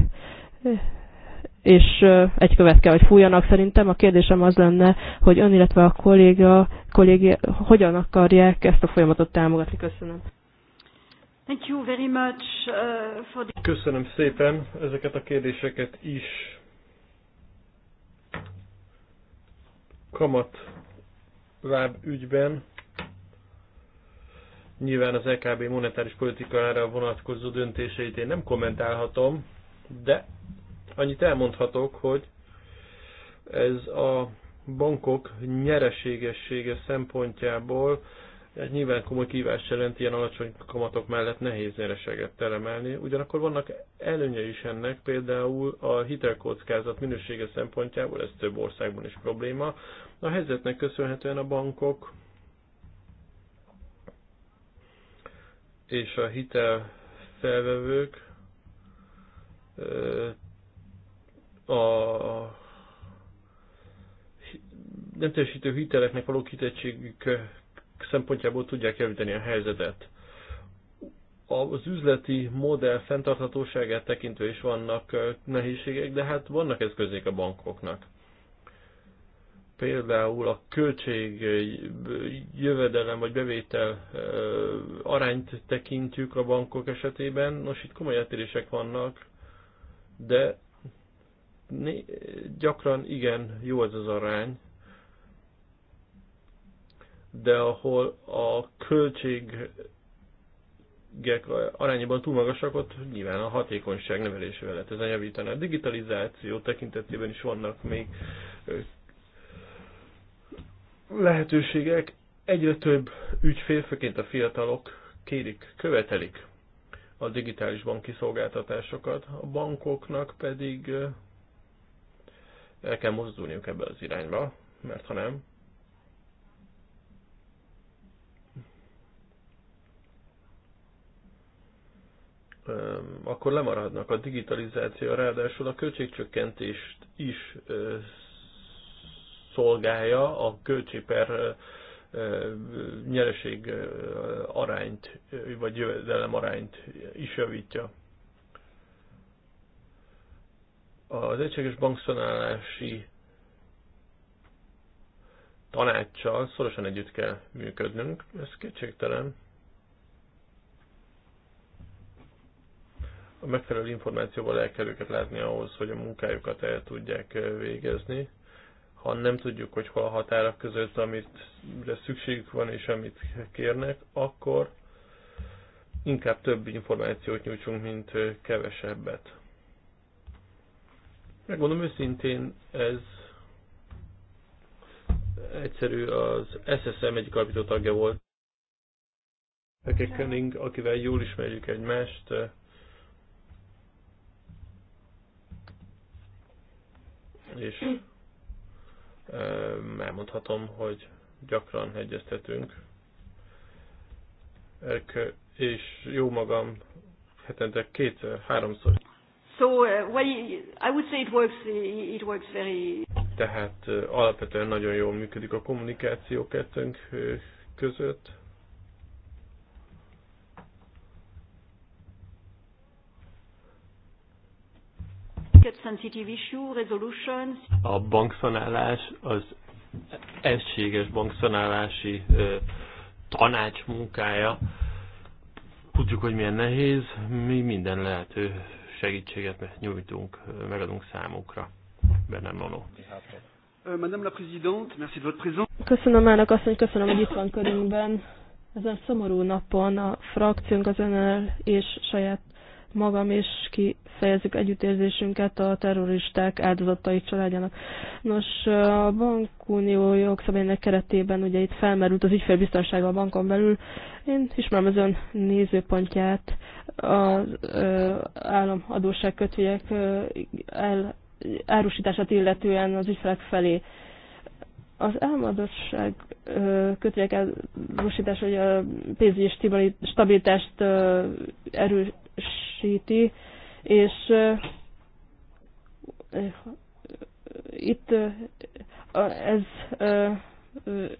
és egy követ kell, hogy fújjanak. Szerintem a kérdésem az lenne, hogy ön, illetve a kolléga, kollégia, hogyan akarják ezt a folyamatot támogatni. Köszönöm. Thank you very much, uh, for the... Köszönöm szépen ezeket a kérdéseket is. Kamat láb ügyben nyilván az EKB monetáris politikára vonatkozó döntéseit én nem kommentálhatom, de annyit elmondhatok, hogy ez a bankok nyereségessége szempontjából ez nyilván komoly kívást jelent, ilyen alacsony kamatok mellett nehéz nyereséget teremelni. Ugyanakkor vannak előnye is ennek, például a hitelkockázat minősége szempontjából, ez több országban is probléma. A helyzetnek köszönhetően a bankok és a hitelfelvevők a nem teljesítő hiteleknek való kitettségük szempontjából tudják javítani a helyzetet. Az üzleti modell fenntarthatóságát tekintve is vannak nehézségek, de hát vannak eszközék a bankoknak. Például a költség, jövedelem vagy bevétel arányt tekintjük a bankok esetében. Nos, itt komoly eltérések vannak, de gyakran igen jó ez az arány, de ahol a költségek arányában túl magasak, ott nyilván a hatékonyság növelésével lehet ezen javítani. A digitalizáció tekintetében is vannak még lehetőségek. Egyre több ügyfél, főként a fiatalok kérik, követelik a digitális banki szolgáltatásokat, a bankoknak pedig el kell mozdulniuk ebbe az irányba, mert ha nem, akkor lemaradnak. A digitalizáció ráadásul a költségcsökkentést is szolgálja, a költség per nyereség arányt, vagy jövedelem arányt is javítja. Az egységes bankszonálási tanácssal szorosan együtt kell működnünk, ez kétségtelen. a megfelelő információval el kell őket látni ahhoz, hogy a munkájukat el tudják eh, végezni. Ha nem tudjuk, hogy hol a határok között, amit szükségük van és amit kérnek, akkor inkább több információt nyújtsunk, mint eh, kevesebbet. Megmondom őszintén, ez egyszerű, az SSM egyik alapító tagja volt. Fekek Kenning, akivel jól ismerjük egymást, eh, és elmondhatom, hogy gyakran egyeztetünk. És jó magam hetente kétszer, háromszor. So, uh, well, I would say it works, uh, it works very... Tehát alapvetően nagyon jól működik a kommunikáció kettőnk között A bankszanálás az egységes bankszanálási tanács munkája. Tudjuk, hogy milyen nehéz, mi minden lehető segítséget nyújtunk, megadunk számukra. Bennem Nono. Euh, Madame la Présidente, merci de votre présence. Köszönöm elnök asszony, köszönöm, hogy itt van körünkben. Ezen szomorú napon a frakciónk az önnel és saját magam is kifejezzük együttérzésünket a terroristák áldozatai családjának. Nos, a bankunió jogszabálynak keretében ugye itt felmerült az ügyfélbiztonsága a bankon belül. Én ismerem az ön nézőpontját az államadóság kötvények el, árusítását illetően az ügyfelek felé. Az államadóság kötvények árusítása, hogy a pénzügyi stabilitást erő, megerősíti, és itt ez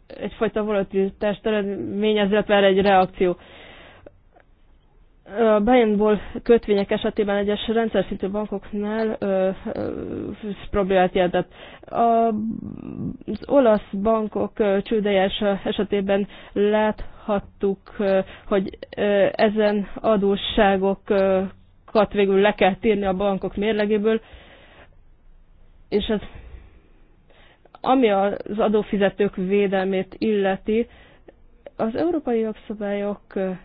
egyfajta volatilitást eredményez, illetve erre egy reakció. A Bayernból kötvények esetében egyes rendszer szintű bankoknál ö, ö, problémát jelentett. Az olasz bankok csődejes esetében lát láthattuk, hogy ezen adósságokat végül le kell térni a bankok mérlegéből, és ez ami az adófizetők védelmét illeti, az európai jogszabályok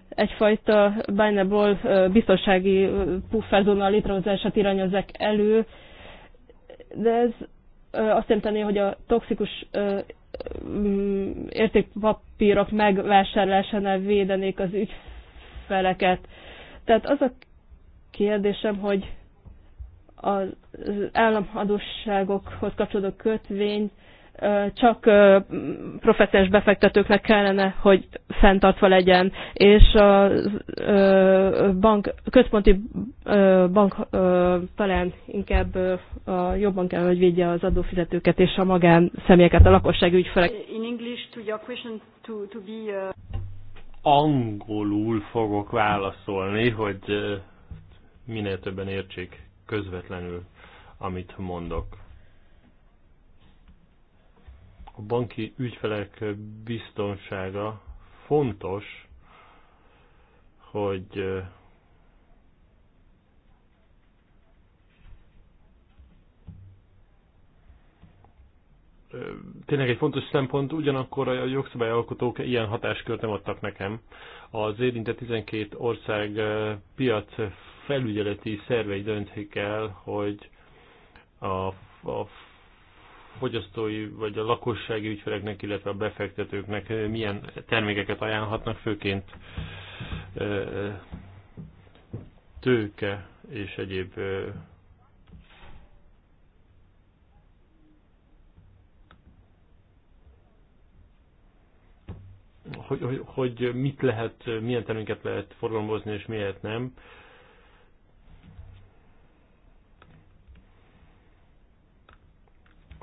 egyfajta bányából biztonsági pufferzóna létrehozását irányozzák elő, de ez azt jelenti, hogy a toxikus Mm, értékpapírok megvásárlásánál védenék az ügyfeleket. Tehát az a kérdésem, hogy az államadóságokhoz kapcsolódó kötvény csak professzionális befektetőknek kellene, hogy fenntartva legyen, és a bank, központi bank talán inkább jobban kell, hogy védje az adófizetőket és a magán személyeket a lakosság ügyfelek. In English to your question to, to be, uh... Angolul fogok válaszolni, hogy minél többen értsék közvetlenül, amit mondok a banki ügyfelek biztonsága fontos, hogy tényleg egy fontos szempont, ugyanakkor a jogszabályalkotók ilyen hatáskört nem adtak nekem. Az érintett 12 ország piac felügyeleti szervei döntik el, hogy a, a fogyasztói vagy a lakossági ügyfeleknek, illetve a befektetőknek milyen termékeket ajánlhatnak, főként tőke és egyéb hogy, hogy, hogy mit lehet, milyen terméket lehet forgalmazni és miért nem.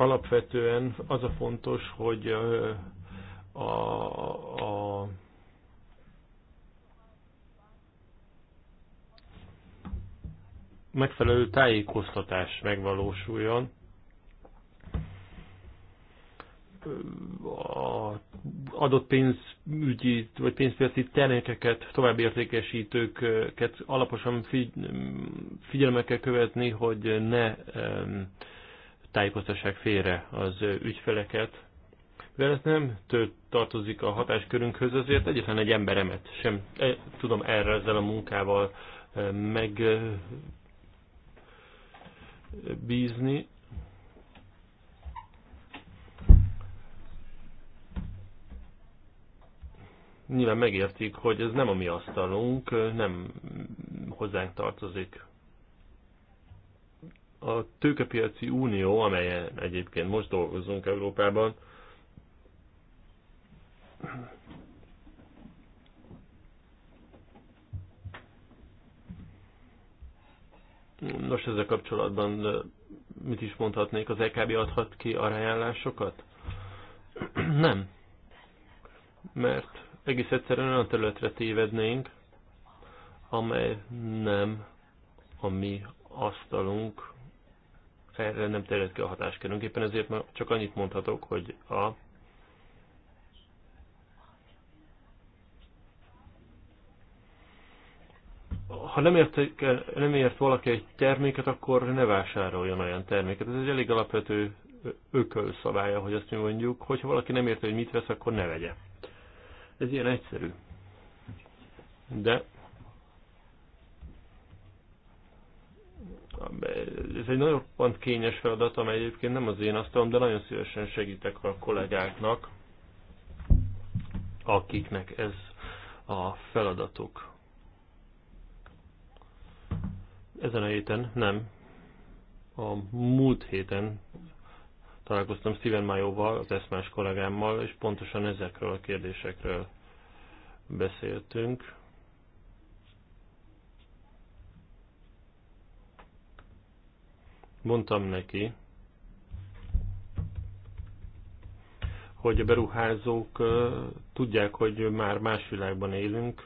Alapvetően az a fontos, hogy a, a, a megfelelő tájékoztatás megvalósuljon. A adott pénzügyi vagy pénzpiaci termékeket, további értékesítőket alaposan figy figyelme kell követni, hogy ne um, tájékoztassák félre az ügyfeleket. Mivel ez nem tartozik a hatáskörünkhöz, azért egyetlen egy emberemet sem e, tudom erre ezzel a munkával e, megbízni. E, Nyilván megértik, hogy ez nem a mi asztalunk, nem hozzánk tartozik a tőkepiaci unió, amelyen egyébként most dolgozunk Európában, Nos, ezzel kapcsolatban mit is mondhatnék? Az EKB adhat ki arányállásokat? Nem. Mert egész egyszerűen olyan területre tévednénk, amely nem a mi asztalunk erre nem terjed ki a hatáskörünk. Éppen ezért már csak annyit mondhatok, hogy a ha nem, ért, nem ért valaki egy terméket, akkor ne vásároljon olyan terméket. Ez egy elég alapvető ökölszabálya, hogy azt mi mondjuk, hogy ha valaki nem érte, hogy mit vesz, akkor ne vegye. Ez ilyen egyszerű. De Ez egy nagyon pont kényes feladat, amely egyébként nem az én asztalom, de nagyon szívesen segítek a kollégáknak, akiknek ez a feladatuk. Ezen a héten nem. A múlt héten találkoztam Steven Majóval, az eszmás kollégámmal, és pontosan ezekről a kérdésekről beszéltünk. Mondtam neki, hogy a beruházók tudják, hogy már más világban élünk.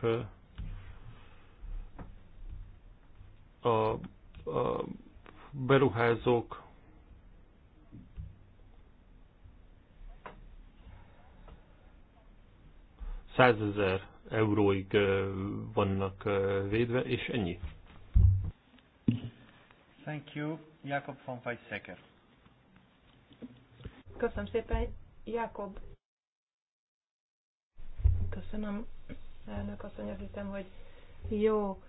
A, a beruházók százezer euróig vannak védve, és ennyi. Thank you. Jakob von Weizsäcker. Köszönöm szépen, Jakob. Köszönöm, elnök asszony, azt hiszem, hogy jó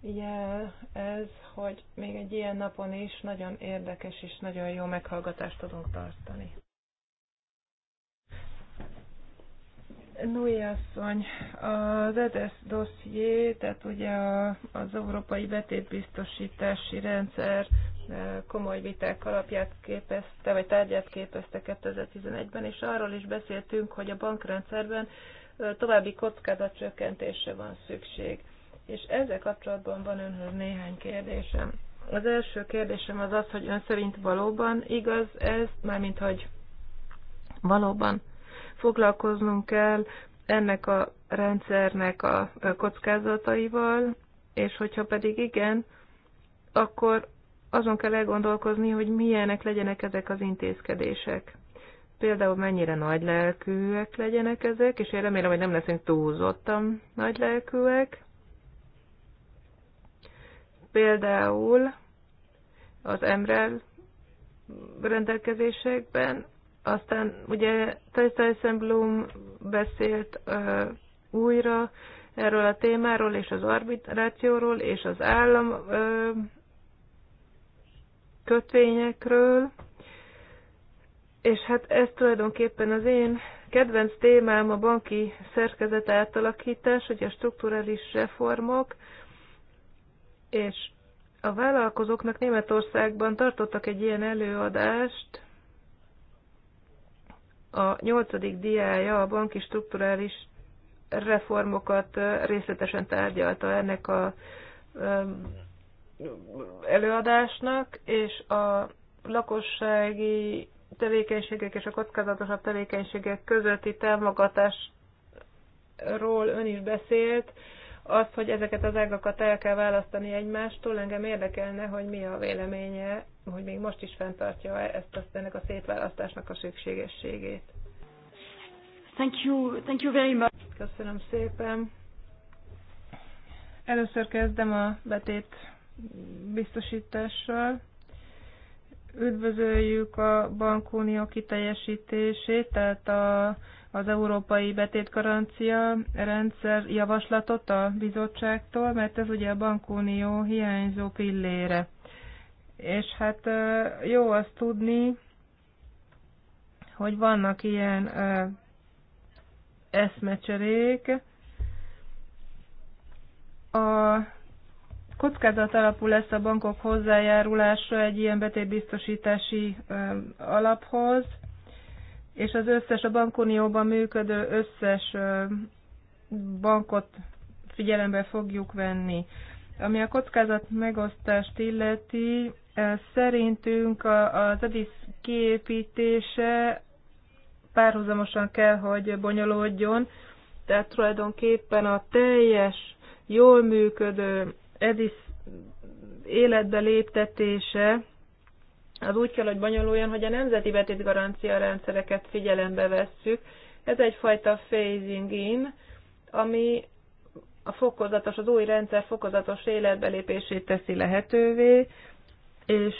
jel ez, hogy még egy ilyen napon is nagyon érdekes és nagyon jó meghallgatást tudunk tartani. Noé asszony, az EDES dosszié, tehát ugye az Európai Betétbiztosítási Rendszer e, komoly viták alapját képezte, vagy tárgyát képezte 2011-ben, és arról is beszéltünk, hogy a bankrendszerben e, további kockázatcsökkentésre van szükség. És ezzel kapcsolatban van önhöz néhány kérdésem. Az első kérdésem az az, hogy ön szerint valóban igaz ez, mármint hogy valóban foglalkoznunk kell ennek a rendszernek a kockázataival, és hogyha pedig igen, akkor azon kell elgondolkozni, hogy milyenek legyenek ezek az intézkedések. Például mennyire nagy lelkűek legyenek ezek, és én remélem, hogy nem leszünk túlzottan nagy lelkűek. Például az emrel rendelkezésekben aztán ugye Tyson Bloom beszélt uh, újra erről a témáról, és az arbitrációról, és az állam uh, kötvényekről, és hát ez tulajdonképpen az én kedvenc témám a banki szerkezet átalakítás, hogy a strukturális reformok, és a vállalkozóknak Németországban tartottak egy ilyen előadást, a nyolcadik diája a banki strukturális reformokat részletesen tárgyalta ennek a előadásnak, és a lakossági tevékenységek és a kockázatosabb tevékenységek közötti támogatásról ön is beszélt, azt, hogy ezeket az ágakat el kell választani egymástól, engem érdekelne, hogy mi a véleménye, hogy még most is fenntartja ezt a, ennek a szétválasztásnak a szükségességét. Thank you, thank you very much. Köszönöm szépen. Először kezdem a betét biztosítással. Üdvözöljük a bankunió kiteljesítését, tehát a az európai betétgarancia rendszer javaslatot a bizottságtól, mert ez ugye a bankunió hiányzó pillére. És hát jó azt tudni, hogy vannak ilyen eszmecserék. A kockázat alapú lesz a bankok hozzájárulása egy ilyen betétbiztosítási alaphoz, és az összes a bankunióban működő összes bankot figyelembe fogjuk venni. Ami a kockázat megosztást illeti, szerintünk az EDIS kiépítése párhuzamosan kell, hogy bonyolódjon, tehát tulajdonképpen a teljes, jól működő EDIS életbe léptetése az úgy kell, hogy bonyoluljon, hogy a nemzeti betét garancia rendszereket figyelembe vesszük. Ez egyfajta phasing in, ami a fokozatos, az új rendszer fokozatos életbelépését teszi lehetővé, és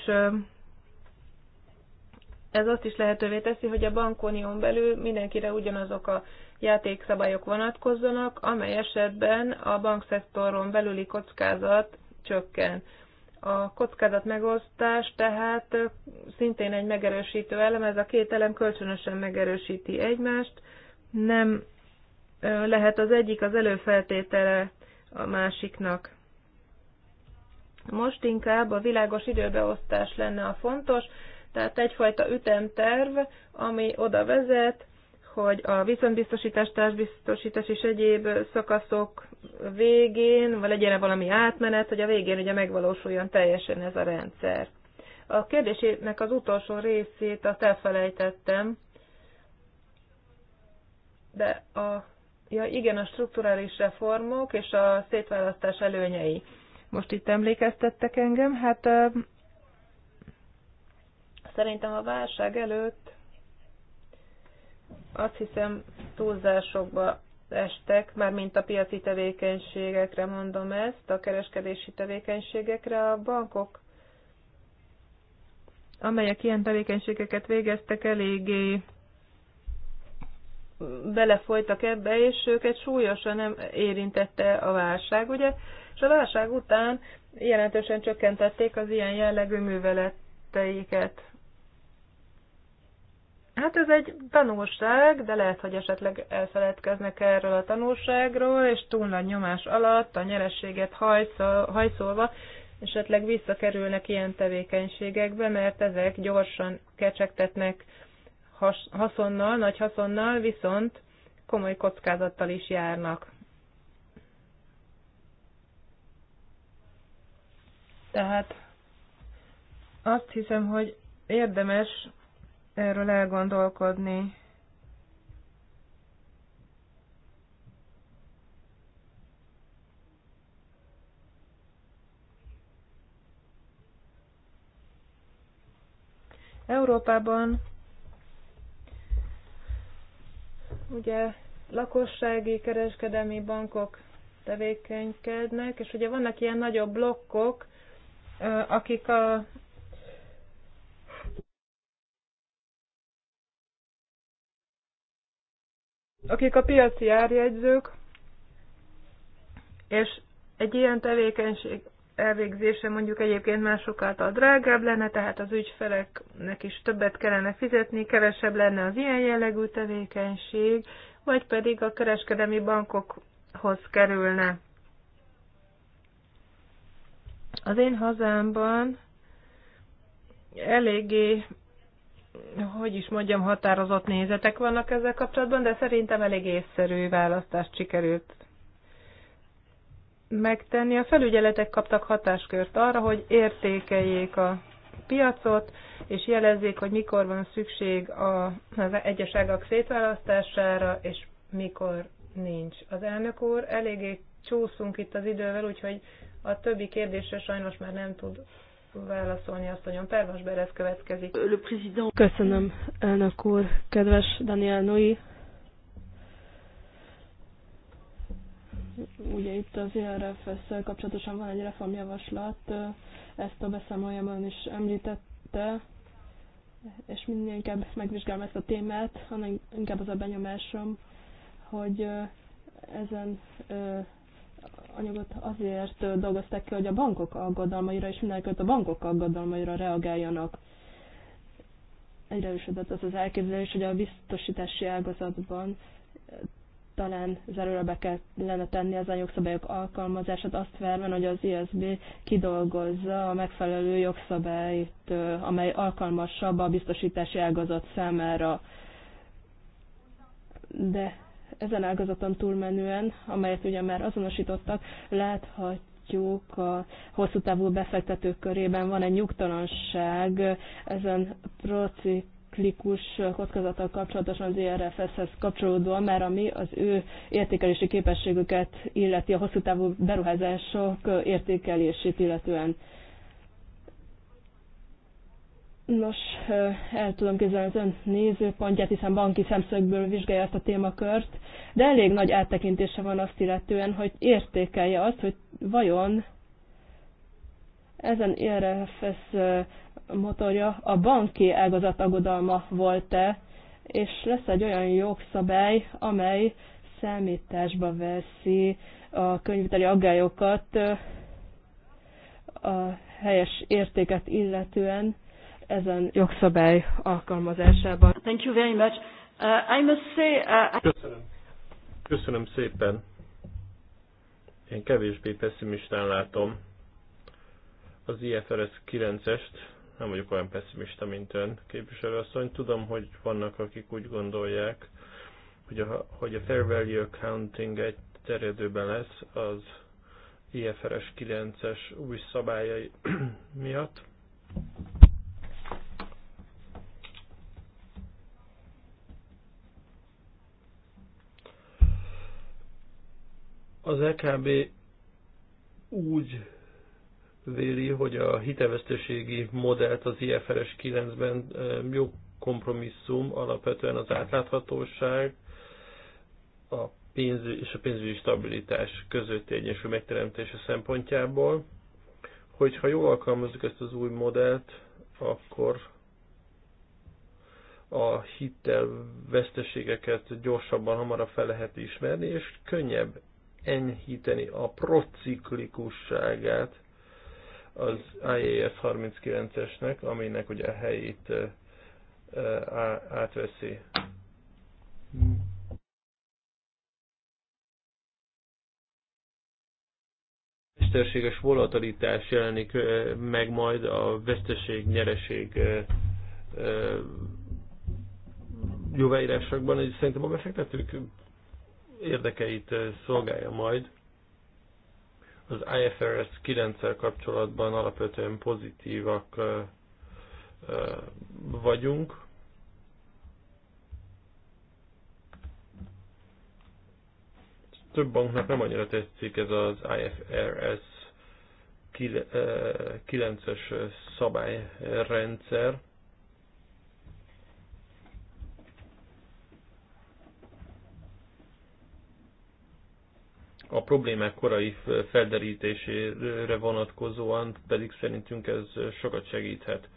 ez azt is lehetővé teszi, hogy a bankonion belül mindenkire ugyanazok a játékszabályok vonatkozzanak, amely esetben a bankszektoron belüli kockázat csökken. A kockázat megosztás tehát szintén egy megerősítő elem, ez a két elem kölcsönösen megerősíti egymást, nem lehet az egyik az előfeltétele a másiknak. Most inkább a világos időbeosztás lenne a fontos, tehát egyfajta ütemterv, ami oda vezet, hogy a viszontbiztosítás, társbiztosítás és egyéb szakaszok végén, vagy legyen -e valami átmenet, hogy a végén ugye megvalósuljon teljesen ez a rendszer. A kérdésének az utolsó részét azt elfelejtettem, de a, ja igen, a strukturális reformok és a szétválasztás előnyei. Most itt emlékeztettek engem, hát szerintem a válság előtt azt hiszem túlzásokba estek, már mint a piaci tevékenységekre mondom ezt, a kereskedési tevékenységekre a bankok, amelyek ilyen tevékenységeket végeztek, eléggé belefolytak ebbe, és őket súlyosan nem érintette a válság, ugye? És a válság után jelentősen csökkentették az ilyen jellegű műveleteiket. Hát ez egy tanulság, de lehet, hogy esetleg elfeledkeznek erről a tanulságról, és túl nagy nyomás alatt a nyerességet hajszol, hajszolva esetleg visszakerülnek ilyen tevékenységekbe, mert ezek gyorsan kecsegtetnek has, haszonnal, nagy haszonnal, viszont komoly kockázattal is járnak. Tehát azt hiszem, hogy érdemes erről elgondolkodni. Európában ugye lakossági, kereskedelmi bankok tevékenykednek, és ugye vannak ilyen nagyobb blokkok, akik a akik a piaci árjegyzők, és egy ilyen tevékenység elvégzése mondjuk egyébként mások által drágább lenne, tehát az ügyfeleknek is többet kellene fizetni, kevesebb lenne az ilyen jellegű tevékenység, vagy pedig a kereskedelmi bankokhoz kerülne. Az én hazámban eléggé hogy is mondjam, határozott nézetek vannak ezzel kapcsolatban, de szerintem elég észszerű választást sikerült megtenni. A felügyeletek kaptak hatáskört arra, hogy értékeljék a piacot, és jelezzék, hogy mikor van szükség a, az egyes ágak szétválasztására, és mikor nincs. Az elnök úr eléggé csúszunk itt az idővel, úgyhogy a többi kérdésre sajnos már nem tud válaszolni, azt asszonyom. Pervas Berez következik. Köszönöm, elnök úr, kedves Daniel Nui. Ugye itt az IRFS-szel kapcsolatosan van egy reformjavaslat, ezt a beszámolójában is említette, és minél inkább megvizsgálom ezt a témát, hanem inkább az a benyomásom, hogy ezen anyagot azért dolgozták ki, hogy a bankok aggodalmaira és mindenkit a bankok aggodalmaira reagáljanak. Egyre erősödött az az elképzelés, hogy a biztosítási ágazatban talán zárulra be kellene tenni az anyagszabályok alkalmazását, azt verven, hogy az ISB kidolgozza a megfelelő jogszabályt, amely alkalmasabb a biztosítási ágazat számára. De ezen ágazaton túlmenően, amelyet ugye már azonosítottak, láthat a hosszú távú befektetők körében van egy nyugtalanság ezen prociklikus kockázattal kapcsolatosan az ERFS-hez kapcsolódóan, mert ami az ő értékelési képességüket illeti, a hosszú távú beruházások értékelését illetően. Nos, el tudom képzelni az ön nézőpontját, hiszen banki szemszögből vizsgálja ezt a témakört, de elég nagy áttekintése van azt illetően, hogy értékelje azt, hogy vajon ezen e RFS motorja a banki ágazat aggodalma volt-e, és lesz egy olyan jogszabály, amely számításba veszi a könyvteli aggályokat a helyes értéket illetően, ezen jogszabály alkalmazásában. Thank you very much. Uh, I must say, uh, I... Köszönöm. Köszönöm szépen. Én kevésbé pessimistán látom az IFRS 9-est. Nem vagyok olyan pessimista, mint ön, képviselőasszony. Tudom, hogy vannak, akik úgy gondolják, hogy a, hogy a Fair Value Accounting egy terjedőben lesz az IFRS 9-es új szabályai miatt. Az LKB e úgy véli, hogy a hitevesztőségi modellt az IFRS 9-ben jó kompromisszum, alapvetően az átláthatóság, a pénz és a pénzügyi stabilitás közötti egyensúly megteremtése szempontjából. Hogyha jól alkalmazzuk ezt az új modellt, akkor a hitel veszteségeket gyorsabban, hamarabb fel lehet ismerni, és könnyebb enyhíteni a prociklikusságát az IAS 39-esnek, aminek ugye a helyét átveszi. mesterséges volatilitás jelenik meg majd a veszteség-nyereség jóváírásokban, és szerintem a befektetők érdekeit eh, szolgálja majd. Az IFRS 9-el kapcsolatban alapvetően pozitívak eh, eh, vagyunk. Több banknak nem annyira tetszik ez az IFRS 9-es szabályrendszer, A problémák korai felderítésére vonatkozóan pedig szerintünk ez sokat segíthet.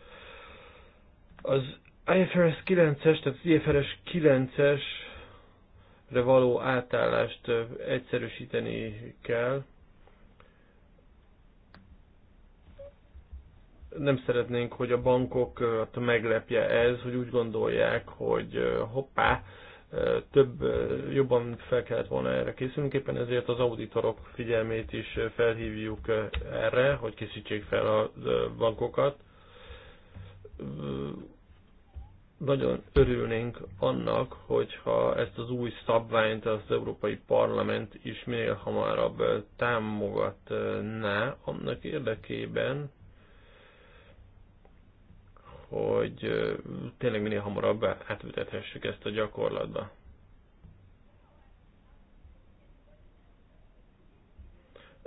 Az IFRS 9-es, tehát az IFRS 9 esre való átállást egyszerűsíteni kell. Nem szeretnénk, hogy a bankokat meglepje ez, hogy úgy gondolják, hogy hoppá, több, jobban fel kellett volna erre készülnünk, éppen ezért az auditorok figyelmét is felhívjuk erre, hogy készítsék fel a bankokat. Nagyon örülnénk annak, hogyha ezt az új szabványt az Európai Parlament is minél hamarabb támogatná annak érdekében, hogy tényleg minél hamarabb átültethessük ezt a gyakorlatba.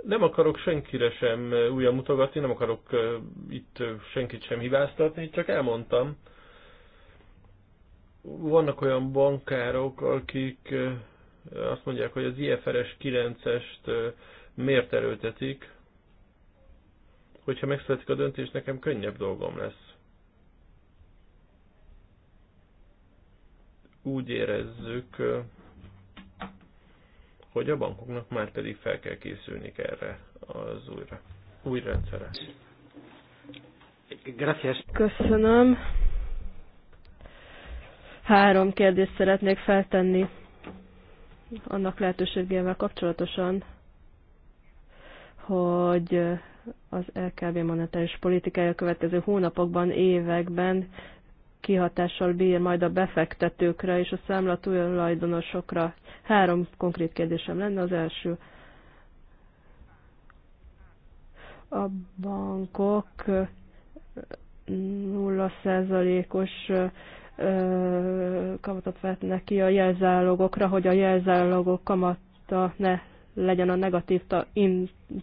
nem akarok senkire sem újra mutogatni, nem akarok itt senkit sem hibáztatni, csak elmondtam. Vannak olyan bankárok, akik azt mondják, hogy az IFRS 9-est miért erőtetik, hogyha megszületik a döntés, nekem könnyebb dolgom lesz. úgy érezzük, hogy a bankoknak már pedig fel kell készülniük erre az újra, új rendszerre. Gracias. Köszönöm. Három kérdést szeretnék feltenni annak lehetőségével kapcsolatosan, hogy az LKB monetáris politikája következő hónapokban, években kihatással bír majd a befektetőkre és a számla Három konkrét kérdésem lenne. Az első, a bankok 0%-os kamatot vetnek ki a jelzálogokra, hogy a jelzálogok kamata ne legyen a negatív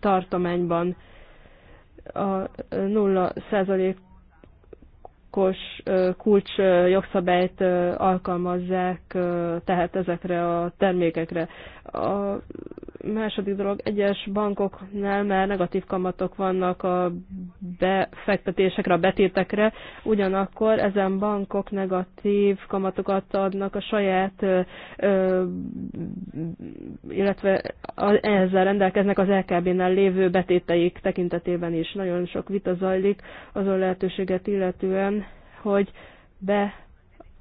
tartományban. A 0 titkos kulcs jogszabályt alkalmazzák tehát ezekre a termékekre. A második dolog, egyes bankoknál már negatív kamatok vannak a befektetésekre, a betétekre, ugyanakkor ezen bankok negatív kamatokat adnak a saját, illetve ezzel rendelkeznek az LKB-nál lévő betéteik tekintetében is. Nagyon sok vita zajlik azon lehetőséget illetően, hogy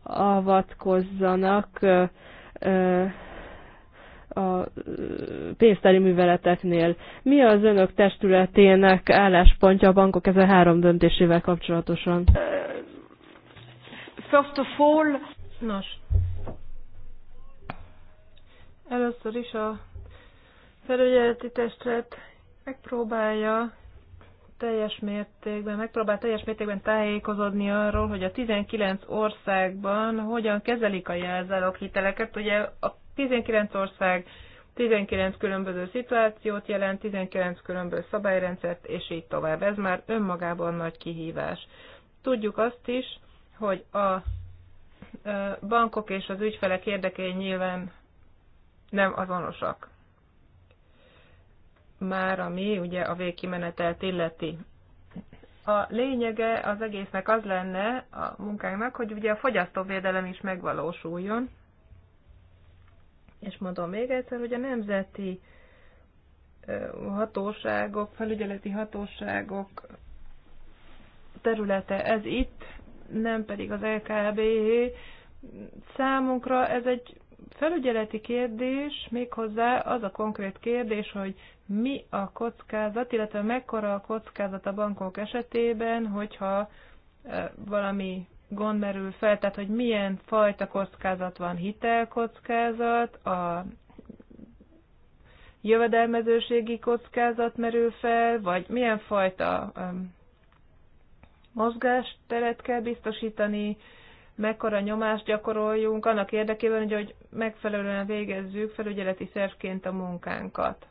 beavatkozzanak a pénztári műveleteknél. Mi az önök testületének álláspontja a bankok ezen három döntésével kapcsolatosan? First of all, nos, először is a felügyeleti testület megpróbálja teljes mértékben, megpróbál teljes mértékben tájékozódni arról, hogy a 19 országban hogyan kezelik a jelzálók hiteleket. Ugye a 19 ország 19 különböző szituációt jelent, 19 különböző szabályrendszert, és így tovább. Ez már önmagában nagy kihívás. Tudjuk azt is, hogy a bankok és az ügyfelek érdekei nyilván nem azonosak már, ami ugye a végkimenetelt illeti. A lényege az egésznek az lenne a munkánknak, hogy ugye a fogyasztóvédelem is megvalósuljon. És mondom még egyszer, hogy a nemzeti hatóságok, felügyeleti hatóságok területe ez itt, nem pedig az LKB. Számunkra ez egy Felügyeleti kérdés méghozzá az a konkrét kérdés, hogy mi a kockázat, illetve mekkora a kockázat a bankok esetében, hogyha valami gond merül fel, tehát hogy milyen fajta kockázat van, hitelkockázat, a jövedelmezőségi kockázat merül fel, vagy milyen fajta mozgásteret kell biztosítani, mekkora nyomást gyakoroljunk annak érdekében, hogy megfelelően végezzük felügyeleti szervként a munkánkat.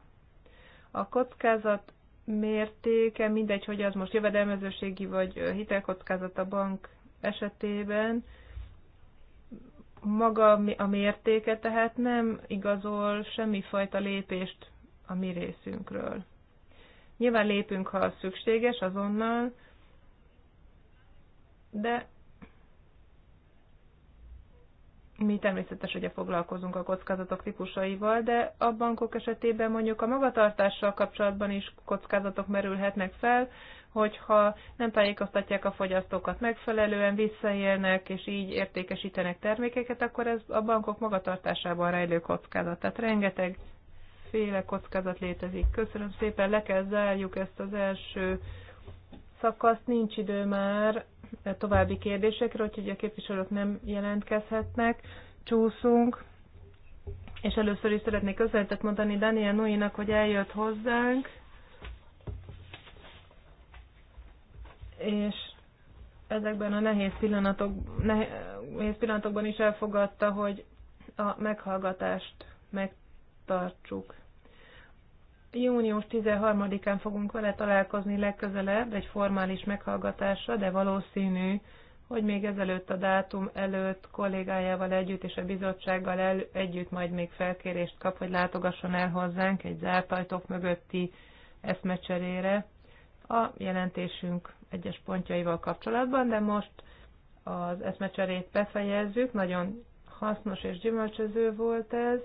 A kockázat mértéke, mindegy, hogy az most jövedelmezőségi vagy hitelkockázat a bank esetében, maga a mértéke tehát nem igazol semmifajta lépést a mi részünkről. Nyilván lépünk, ha az szükséges, azonnal, de mi természetes, ugye foglalkozunk a kockázatok típusaival, de a bankok esetében mondjuk a magatartással kapcsolatban is kockázatok merülhetnek fel, hogyha nem tájékoztatják a fogyasztókat megfelelően, visszaélnek és így értékesítenek termékeket, akkor ez a bankok magatartásában rejlő kockázat. Tehát rengeteg féle kockázat létezik. Köszönöm szépen, le kell zárjuk ezt az első szakaszt, nincs idő már, további kérdésekre, úgyhogy a képviselők nem jelentkezhetnek. Csúszunk. És először is szeretnék köszönetet mondani Daniel Nuinak, hogy eljött hozzánk. És ezekben a nehéz, pillanatok, nehéz pillanatokban is elfogadta, hogy a meghallgatást megtartsuk. Június 13-án fogunk vele találkozni legközelebb egy formális meghallgatásra, de valószínű, hogy még ezelőtt a dátum előtt kollégájával együtt és a bizottsággal el, együtt majd még felkérést kap, hogy látogasson el hozzánk egy zárt ajtók mögötti eszmecserére a jelentésünk egyes pontjaival kapcsolatban, de most az eszmecserét befejezzük, nagyon hasznos és gyümölcsöző volt ez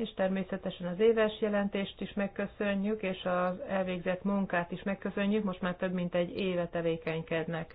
és természetesen az éves jelentést is megköszönjük, és az elvégzett munkát is megköszönjük, most már több mint egy éve tevékenykednek.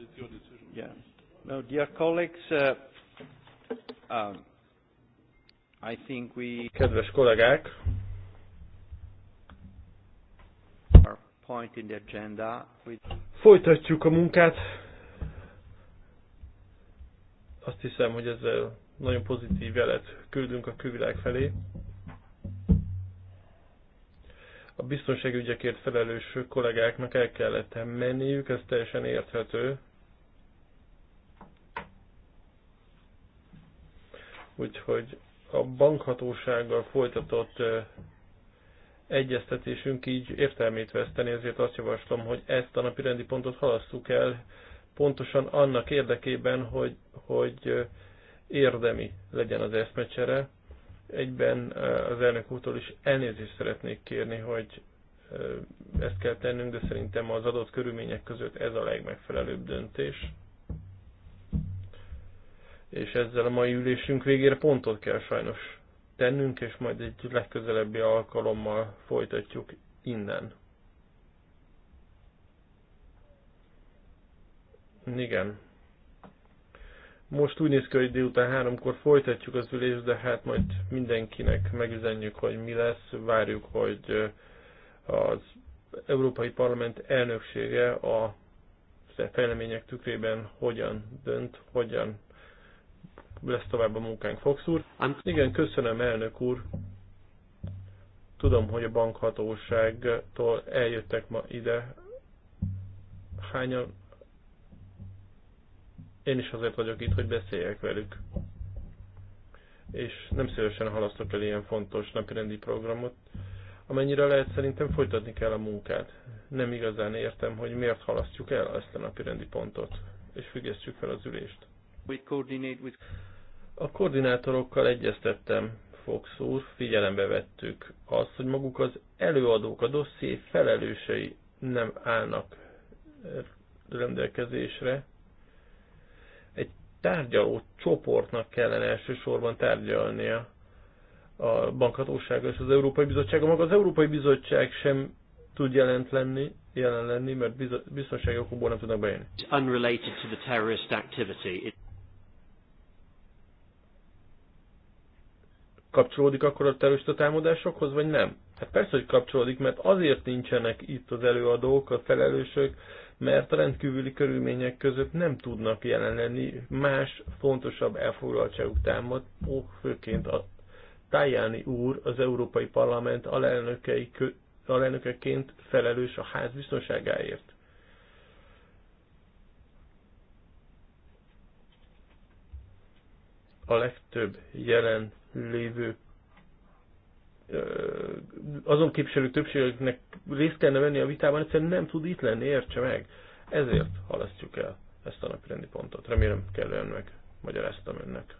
it's your decision. Yeah. No, dear colleagues, uh, um, I think we... Kedves kollégák! point in the agenda with... Folytatjuk a munkát. Azt hiszem, hogy ezzel nagyon pozitív jelet küldünk a külvilág felé. A biztonságügyekért felelős kollégáknak el kellett menniük, ez teljesen érthető, Úgyhogy a bankhatósággal folytatott egyeztetésünk így értelmét veszteni, ezért azt javaslom, hogy ezt a napi rendi pontot halasszuk el, pontosan annak érdekében, hogy, hogy érdemi legyen az eszmecsere. Egyben az elnök úrtól is elnézést szeretnék kérni, hogy ezt kell tennünk, de szerintem az adott körülmények között ez a legmegfelelőbb döntés és ezzel a mai ülésünk végére pontot kell sajnos tennünk, és majd egy legközelebbi alkalommal folytatjuk innen. Igen. Most úgy néz ki, hogy délután háromkor folytatjuk az ülést, de hát majd mindenkinek megüzenjük, hogy mi lesz. Várjuk, hogy az Európai Parlament elnöksége a fejlemények tükrében hogyan dönt, hogyan lesz tovább a munkánk, Fox úr. Igen, köszönöm, elnök úr. Tudom, hogy a bankhatóságtól eljöttek ma ide. Hányan? Én is azért vagyok itt, hogy beszéljek velük. És nem szívesen halasztok el ilyen fontos napirendi programot. Amennyire lehet, szerintem folytatni kell a munkát. Nem igazán értem, hogy miért halasztjuk el ezt a napirendi pontot, és függesztjük fel az ülést. A koordinátorokkal egyeztettem, Fox úr, figyelembe vettük azt, hogy maguk az előadók, a dosszié felelősei nem állnak rendelkezésre. Egy tárgyaló csoportnak kellene elsősorban tárgyalnia a bankhatósága és az Európai Bizottsága. Maga az Európai Bizottság sem tud jelent lenni, jelen lenni, mert biztonsági okokból nem tudnak bejönni. kapcsolódik akkor a terrorista támadásokhoz, vagy nem? Hát persze, hogy kapcsolódik, mert azért nincsenek itt az előadók, a felelősök, mert a rendkívüli körülmények között nem tudnak jelen lenni, más fontosabb elfoglaltságuk támad, ó, főként a Tajani úr az Európai Parlament alelnökei, alelnökeként felelős a ház biztonságáért. A legtöbb jelen lévő azon képviselők többségeknek részt kellene venni a vitában, egyszerűen nem tud itt lenni, értse meg. Ezért halasztjuk el ezt a napi rendi pontot. Remélem kellően megmagyaráztam önnek.